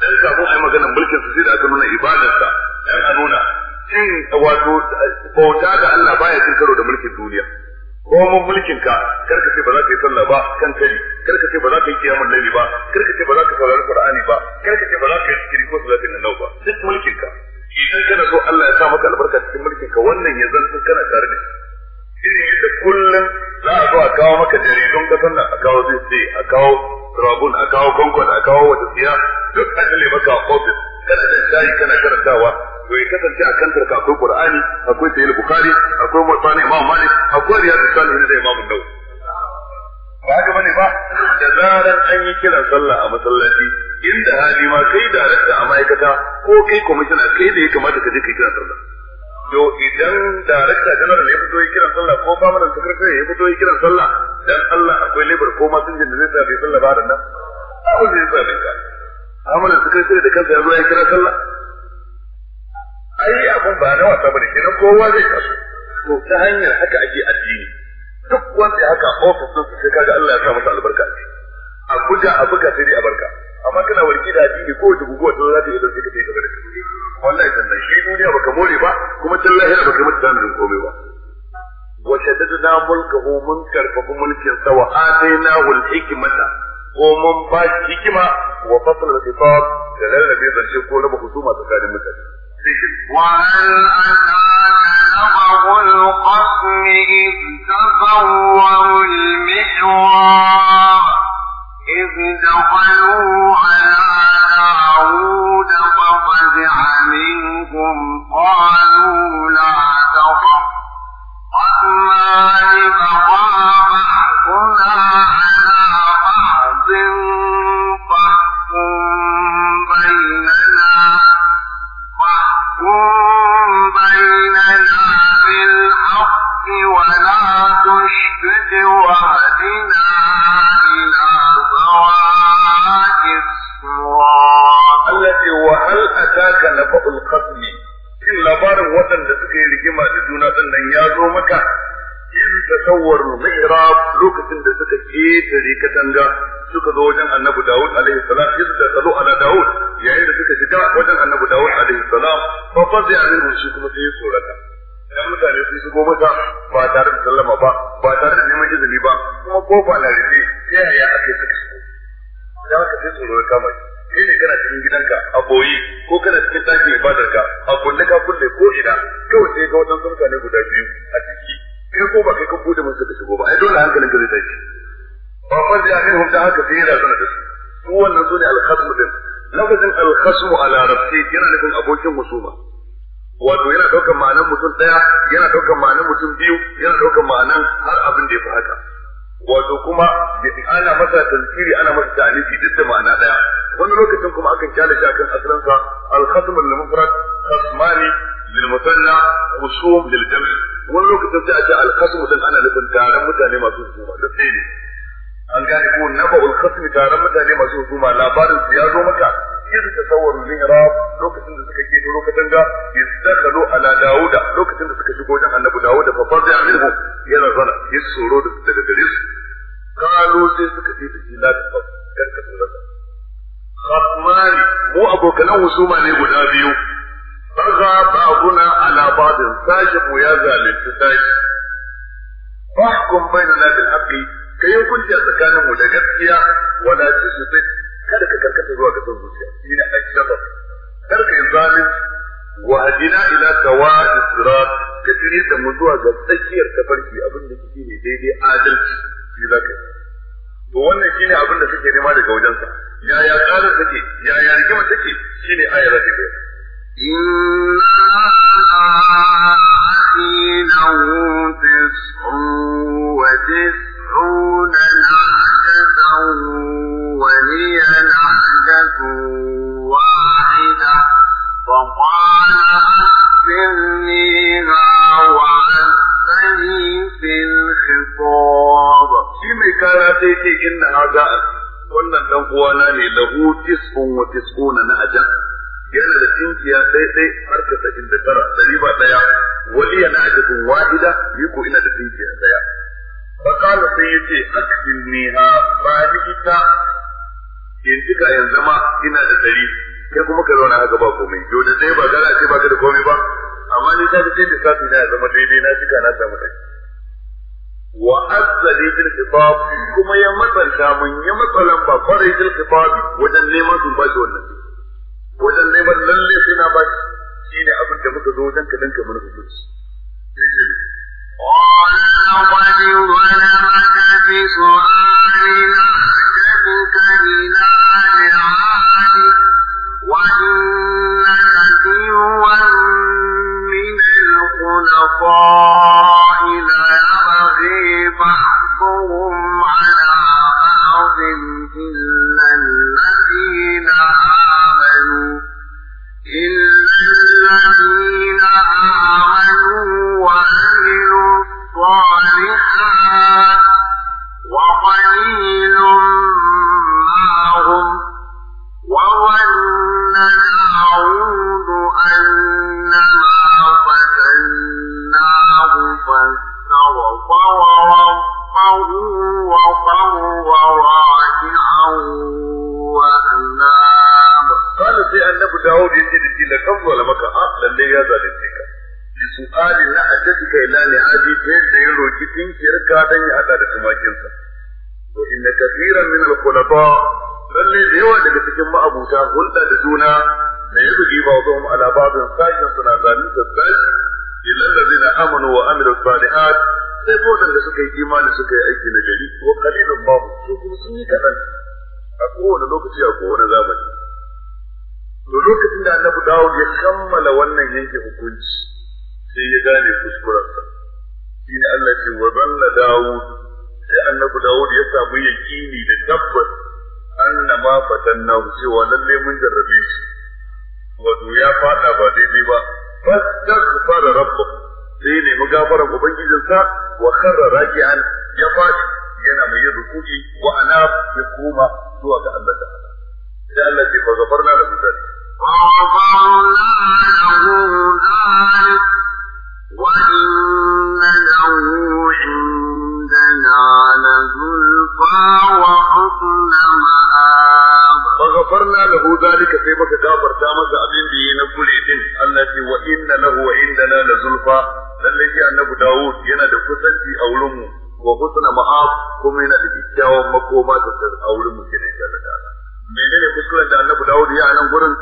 dan kafin ai magana mulkin su sai da zama nuna ibadarsa dan a shin wato bauta da Allah baya cin karo da mulkin duniya ko mun mulkin ka karka ce ba za ka yi sallah ba kan kari karka ce ba za ka yi kiyamul laili ba karka ce ba za ka saurari qur'ani ba karantawa to ya kasance a kan tarka akwai qur'ani akwai sayyid bukhari akwai mutane imam malik akwai riyadu salihin da imam an-nawawi ba ga bane ba da zarar an yi kiran sallah a masallaci inda hali ma kai da rasta a ma'aikata ko kai kwamishina kai da ya kamata ka je kai kiran sallah to idan darakta general ya fito yi kiran sallah ko famanan sakatare ya fito yi kiran sallah dan Allah akwai lebar ko masinjin da zai sa bai sallah ba da nan abu zai sa bai ka amalan sai da kansa ya zo ya kira sallah ai abin ba na wasa bane kenan kowa zai kasu to ta hanyar haka ake addini duk wanda haka ofis din sai kaga Allah ya sa masa albarka a kuja a buga sai dai a barka amma kana warki da addini ko da guguwa ta za ta yi don sai ka kai gaba da kai wallahi sannan shi duniya baka more ba kuma tun lahira baka mata sanin komai ba wa shaddadna mulkahu mun karfafa mulkin sa wa atainahu al-hikmata ko mun ba hikima wa fasl al-khitab da lallabe zance ko raba husuma tsakanin mutane وهل أتاك نبغ القسم إذ تصوروا المحراب إذ دخلوا على داود ففزع منهم قالوا لا تخف قد ما nafa'ul qasmi shin labarin waɗanda suka yi rigima da juna din nan ya zo maka in tasawwaru mihrab lokacin da suka ketare katanga suka zo wajen annabi Dawud alaihi salam yadda da kazo ala Dawud yayin da suka fita wajen annabi Dawud alaihi salam fa fazi alaihi shi kuma sai ya surata dan mutane sun shigo masa ba tare da sallama ba ba tare da neman izini ba kuma kofa na ta yaya aka yi suka shigo da haka sai tsoro da kama kai ne kana cikin gidanka a boye ko kana cikin ɗakin ibadarka a kunne ka kulle ko ina kawai sai ga waɗansu ne guda biyu a ciki kai ko ba kai ka bude mun suka shigo ba ai dole hankalinka zai tashi ba kwan da akhirhum da haka sai yana sanar da su su wannan sune al-khasmu din lafazin al-khasmu a larabci yana nufin abokin musuma wato yana ɗaukar ma'anar mutum ɗaya yana ɗaukar ma'anar mutum biyu yana ɗaukar ma'anar har abin da ya fi haka wato kuma da ana masa tazkiri ana masa ta'alifi duk da ma'ana daya wani lokacin kuma akan kyale shi akan asalansa al-khatm al-mufrad qasmani lil musanna usum lil jami' wani lokacin sai a ce al-khatm dan ana nufin taron mutane masu hukuma da sai ne an gane ko naba'ul khatm taron mutane masu hukuma labarin su ya zo maka iz tasawwaru al-mihrab lokacin da suka kiro katanga yastakalu ala dauda lokacin da suka shigo da annabi dauda fa farja ya yana zana yasuro daga gare su kalu sai suka ce da ila ta karka tsoro khatmani mu abokanan husuma ne guda biyu ba guna ala ba'din sashi mu ya zalunci sashi fahkum bai da haqqi kai hukunci a tsakanin mu da gaskiya wala tusbit kada ka karkata zuwa ga zuciya shi ne an sabab kar ka yi zalunci wa hadina ila sawa'is sirat ka tsire da mutuwa zuwa ga tsakiyar tafarki abin da kike ne daidai adalci shi zaka to wannan shine abin da kake nema daga wajensa yaya tsarin take yaya rigima take shine ayar da take إنه تسع وتسعون نعجة ولي نحجة واحدة فقال أخبرنيها وعزني في الخطاب شيء كانت إن هذا wannan dan uwana ne lahu tis'un wa na ajan yana da tinkiya sai dai har ta sakin da tara dari ba daya wali yana ajabun wahida ni ko ina da tinkiya daya fa kana sai yace akfilniha ba ni ita Yanzu ka yanzu ma ina da ɗari kai kuma ka zauna haka ba komai yau da sai ba gara ce ba ka da komai ba amma ni ta da na ya zama daidai na cika na samu ɗari wa azzali fil khitab kuma ya matsanta mun ya matsalan ba farai fil khitab wajen neman sun ba shi wannan wajen neman lalle sai na ba shi ne abin da muka zo wajen ka dan kamar hukunci قال لقد ولدت بسؤالنا 光。zalamaka a ah, lalle ya zalunce ka bi su'ali na hajjatika ila ni'aji ta yadda ya roki dinkiyar ka dan ya hada da tumakinsa to inna kathiran min al-khulafa lalle da yawa daga cikin ma'abuta hulɗa da juna da ya zuji ba zuwa ala babin sashen suna zalunta sashi ilal ladina amanu wa amilu salihat sai ko da suka yi imani suka yi aiki na gari ko qalilun babu su kuma sun yi kaɗan. a kowane lokaci a kowane zamani to lokacin da annabi dawo ya kammala wannan yanke hukunci sai ya gane kuskurarsa shi ne Allah ce wa zanna dawo sai annabi dawo ya samu yaqini da tabbas anna ma fatanna cewa lalle mun jarrabe shi wato ya fada ba daidai ba fastaghfara rabbuh sai ne magafaran ubangijinsa wa kharra raji'an ya fadi yana mai yin ruku'i wa ana ya koma zuwa ga Allah ta'ala sai Allah ce fa zafarna da mutar وإن له عندنا لزلفى وحسن مآب فغفرنا له ذلك في مكة كافر تامة أبين دي نقول إذن التي وإن له عندنا لزلفى للذي أنه داود ينادى كسنتي أولمه wa husna ma'ab kuma yana da kyakkyawan makoma da auren mu kenan da Allah menene kuskuren da annabi dawud ya nan gurin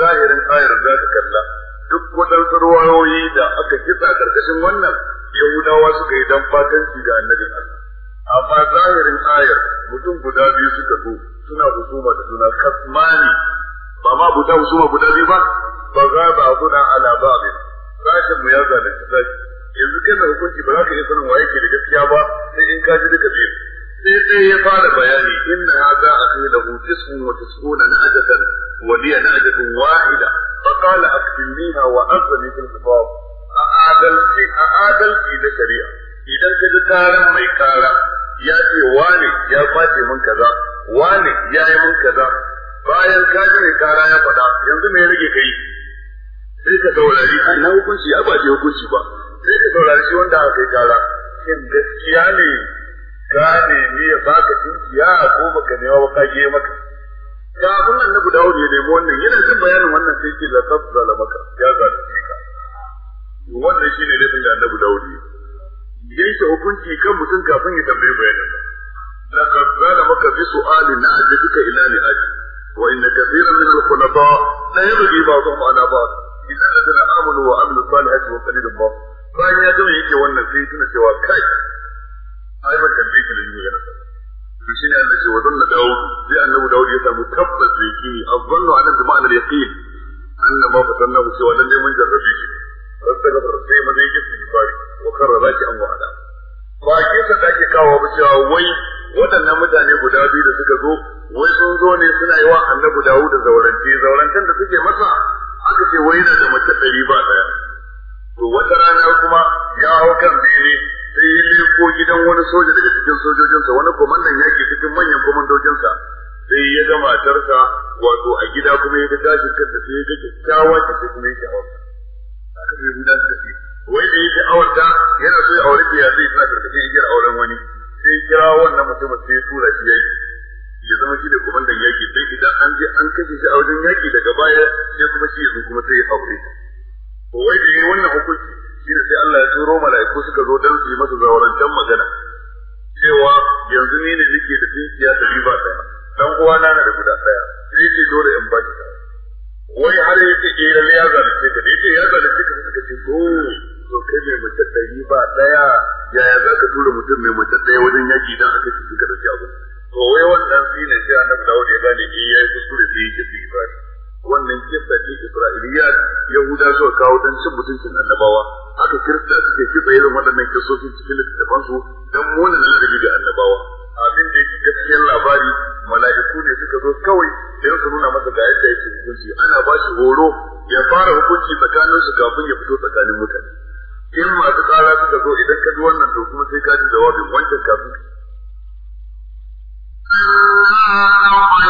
zahirin ayar za ta kalla duk waɗansu ruwayoyi da aka kitsa karkashin wannan yahudawa suka yi dan shi ga Annabi Allah amma zahirin ayar mutum guda biyu suka zo suna husuma da suna kasmani ba ma guda husuma guda biyu ba ba za ba abuna ala ba'in sashin mu ya zalunci zaki. yanzu kai da hukunci ba za ka iya sanin waye ke da gaskiya ba sai in ka ji duka biyu sai dai ya fara bayani na a inna hadha aqidahu tis'un wa tis'una najatan wa liya najatun wahida fa qala aktimniha wa azmi fil khitab a adalci a adalci da shari'a idan ka ji karan mai kara ya ce wane ya kwace min kaza wane ya yi min kaza bayan ka ji mai kara ya faɗa yanzu me rage kai sai ka saurari a na hukunci a ba hukunci ba sai ka saurari shi wanda aka yi kara shin gaskiya ne ka nemi ya baka dukiya ko baka nema ba ka je maka kafin guda dawud ya nemi wannan yana jin bayanin wannan sai ke la tafzala maka ya zalunce ka wannan shine laifin da annabi dawud ya yanke hukunci kan mutum kafin ya tambaye bayanin ka tafzala maka bi su'ali na ajabika ila ni aji wa inna kathiran min al-khulafa la yabghi ba'dhum ala ba'd illa alladhina amanu wa amilu salihati wa qalilun ba. bayan ya gama yake wannan sai tuna cewa kai ai ban tambaye ki da yi magana ba to shine Allah ce wa zanna daud sai annabi daud ya samu tabbas da yaqini azzannu ala zaman al-yaqin annaba fatannahu cewa dan neman jarrabi shi فاستغفر sai maza yake istighfari wa karrara ki an wa'ada ba kisa da ke kawo ba cewa wai waɗannan mutane guda biyu da suka zo wai sun zo ne suna yi wa annabi Dawud da zaurance zaurancen da suke masa aka ce wai na da mace ɗari ba ɗaya to wata rana kuma ya hau kan bene sai ya leko gidan wani soja daga cikin sojojinsa wani komandan yaki cikin manyan komandojinsa sai ya ga matarsa wato a gida kuma ya ga gashin kanta sai ya ga kyakkyawa ta sai kuma ya ta haka yi guda suka ce wai da ya sha'awar ta yana so ya aure ta ya zai sa karkashin igiyar auren wani sai kira wannan mutum sai ya tura shi yaki ya zama shi da komandan yaki sai idan an je an kashe shi a wajen yaki daga baya sai kuma shi ya zo kuma sai ya aure ta wai da yi wannan hukunci shine sai Allah ya turo mala'iku suka zo dan su yi masa zawarancan magana cewa yanzu ni ne nake da dukiya da riba daya dan uwa na da guda daya sai ce dole in baki wai har yake da ya zalunce ka da, yake ya zalunce ka suka ce to to kai mai mace da riba daya ya za ka tura mutum mai mace daya wajen yaki dan aka ci ka dauki abu to wai wannan shine sai annabi Dawud ya gane eh yayi kuskure sai yake riba daya wannan kisa ce Isra'iliya Yahuda suka kawo dan cin mutuncin annabawa aka kirista suke kitsa irin waɗannan kisoshin cikin littattafan su dan munin ladabi ga annabawa abin da yake gaskiyar labari mala'iku ne suka zo kawai da su nuna masa ga yadda yake hukunci ana ba shi horo ya fara hukunci tsakanin su kafin ya fito tsakanin mutane in masu tsara suka zo idan ka ji wannan to kuma sai ka ji jawabin wancan kafin Allah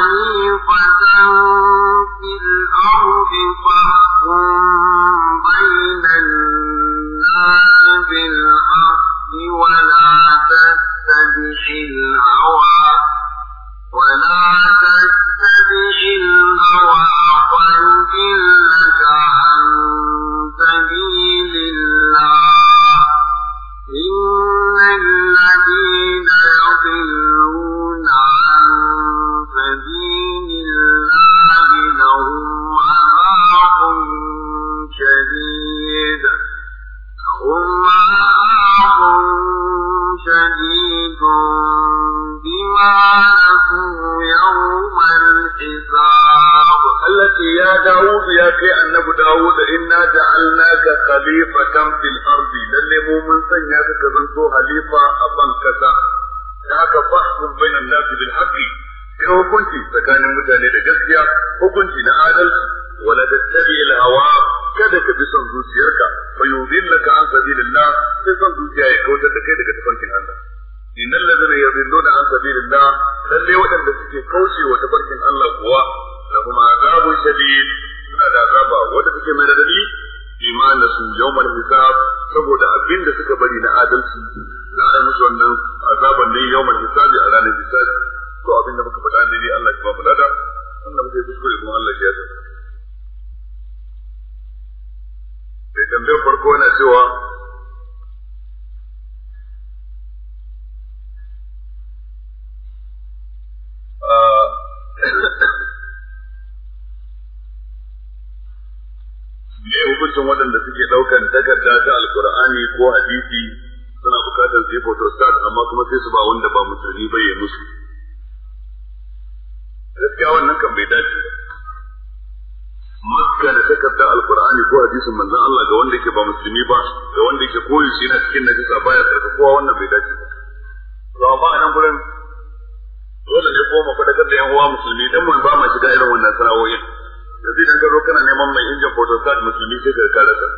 Wa musulmi dan mun ba ma shiga irin wannan sana'o'in da zai dan garo kana neman mai injin photocard musulmi ke da karata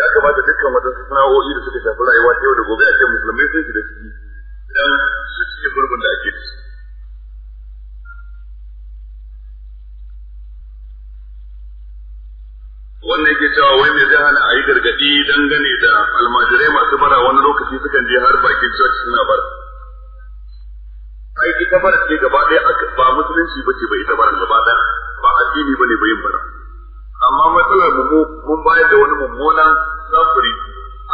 ya kamata dukkan wata sana'o'i da suka shafi rayuwa yau da gobe a ce musulmi sun shiga ciki dan su cike gurbin da ake da wannan yake cewa wai mai zai hana a yi gargaɗi dangane da almajirai masu bara wani lokaci sukan je har bakin church suna bara kafara ce gaba ɗaya ba musulunci ba ce ba ita bara gaba ɗaya ba addini ba ne ba yin bara amma matsalar mu mun bayar da wani mummunan samfuri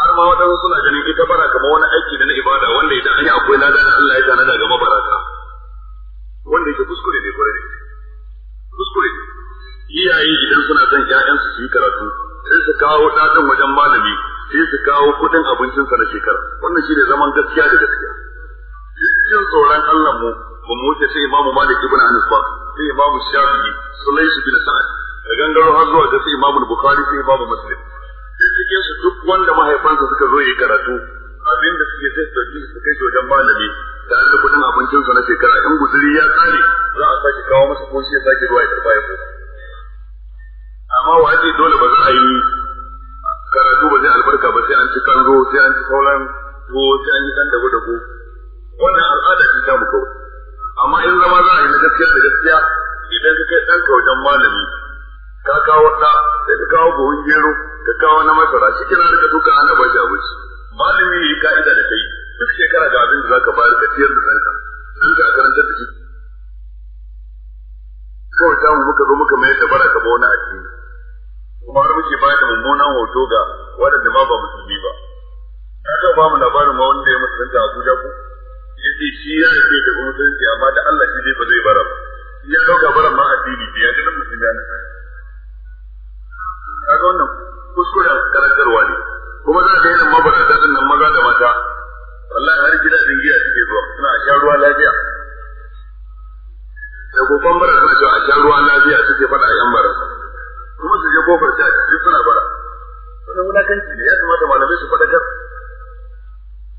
har ma wata suna ganin ita bara kamar wani aiki da na ibada wanda idan an yi akwai lada da Allah ya tana da gaba barata wanda yake kuskure ne kwarai kuskure ne iyaye idan suna son 'ya'yansu su yi karatu sai su kawo ɗaɗin wajen malami sai su kawo kuɗin abincinsa na shekara wannan shi ne zaman gaskiya da gaskiya Yin tsoron Allah mu kuma wuce sai imamu malik ibn anas ba sai imamu shafi'i sulaisu bin sa'ad da gangaro har zuwa ga sai imamu bukhari sai imamu muslim Sai cikin su duk wanda mahaifansa suka zo yi karatu abin da suke sai su ji su kai shi wajen malami da an kudin abincin sa na shekara in guduri ya tsare za a sake kawo masa ko shi ya sake zuwa ya karba ya koma amma waje dole ba za a yi karatu ba zai albarka ba sai an ci kanzo sai an ci sauran ko sai an yi dan dago dago wannan al'ada ce ta mu kawai amma in zama za a yi na gaskiya da gaskiya idan ka kai ɗanka wajen malami ka kawo ɗa da ka kawo buhun gero ka kawo na masara shi kina rika duka ana ba shi abinci malami ya yi ka'ida da kai duk shekara ga abin da za ka bayar ka ciyar da ɗanka in ka karanta da shi kawai samu muka zo muka mai da baraka ba wani addini kuma har muke bayar da mummunan hoto ga waɗanda ma ba musulmi ba Ka ba mu labarin ma wanda ya musulunta Abuja ko yace shi ya ce da musulunci amma da Allah shi ne ba zai bara ba ya dauka bara ma addini ya ga musulmi ka ga wannan kuskure karantarwa ne kuma za ka yi nan mabarata din nan maza da mata wallahi har gida din giya suke zuwa suna a sharuwa ruwa lafiya da goban bara suna cewa a sha ruwa lafiya suke faɗa a yan bara kuma su je kofar ta duk suna bara wannan wulakanci ne ya kamata malamai su faɗakar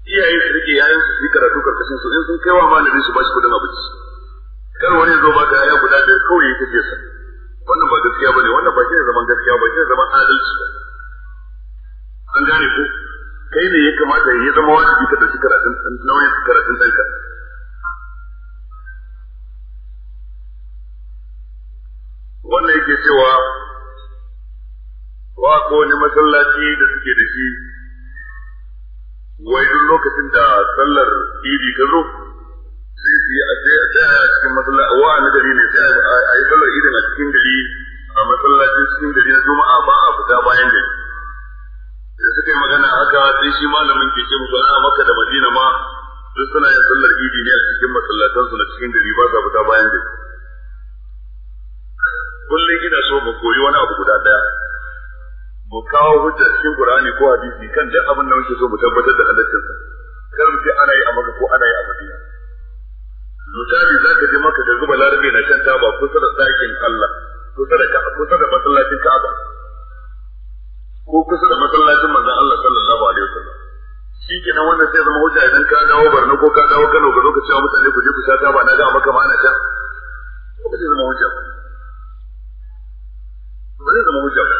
iyaye su rike yayan su yi karatu karkashin su in sun kaiwa malami su ba shi kudin abinci kar wani zo ba ka yaya guda biyar kawai ya kace sa wannan ba gaskiya bane wannan ba ne zaman gaskiya ba ne zaman adalci ba an gane ko kai ne ya kamata ya zama wajibi ka dauki karatun nauyin karatun danka wannan yake cewa wa ko ne masallaci da suke da shi wai duk lokacin da sallar idi ta zo sai su yi a tsaya a cikin masallaci wa na gari ne sai a yi sallar idin a cikin gari a masallacin cikin gari na juma'a ba a fita bayan gari da suka yi magana haka sai shi malamin ke ce musu a maka da madina ma duk suna yin sallar idi ne a cikin masallacinsu na cikin gari ba sa fita bayan gari kullum ina so mu koyi wani abu guda ɗaya. mu kawo hujja cikin Qur'ani ko hadisi kan duk abin da muke so mu tabbatar da halaccin sa kar mu ce ana yi a maka ko ana yi a Madina misali zaka je maka da zuba larabe na kan taba kusa da sakin Allah kusa da kusa da masallacin Ka'aba ko kusa da masallacin manzon Allah sallallahu alaihi wasallam shi nan wannan sai zama hujja idan ka dawo barna ko ka dawo Kano ga ka cewa mutane ku je ku sha taba na ga maka ma ana ta Ko zai zama hujja ba zai zama hujja ba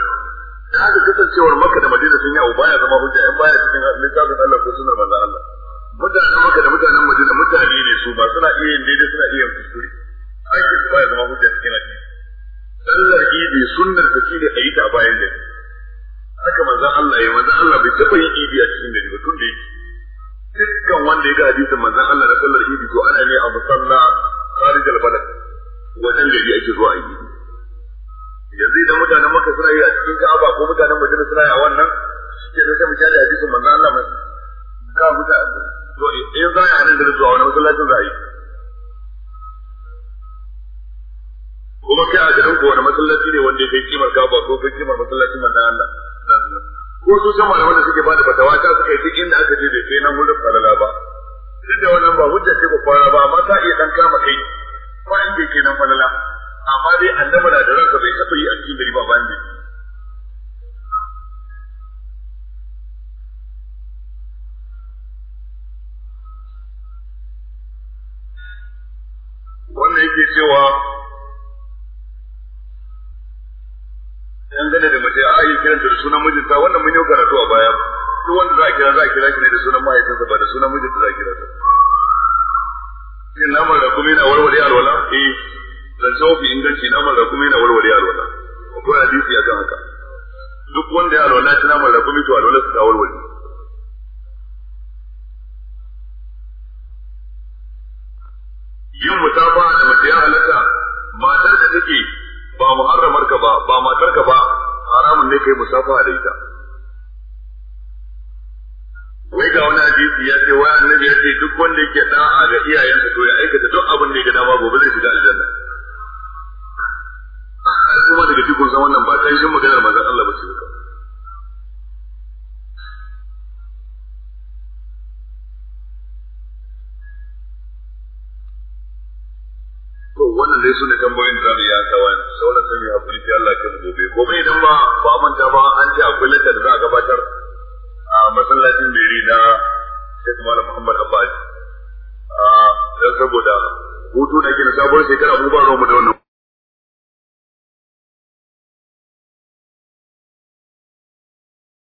haka kasancewar maka da madina sun yi abu baya zama hujja in baya cikin littafin Allah ko sunar manzon Allah mutanen maka da mutanen madina mutane ne su ba suna iya yin daidai suna iya yin kuskure aiki su baya zama hujja cikin addini sallar idi sunnar ta shine ayi ta bayan da haka manzon Allah ya manzon Allah bai taba yin idi a cikin gari ba tun da yake dukkan wanda ya ga hadisin manzon Allah da sallar idi to ana ne a musalla da suna a wannan shi ke sai misali a jikin manzan Allah mai ka muta to in za a nan da zuwa wani masallacin za a yi da sunan mahaifinsa ba da sunan mijin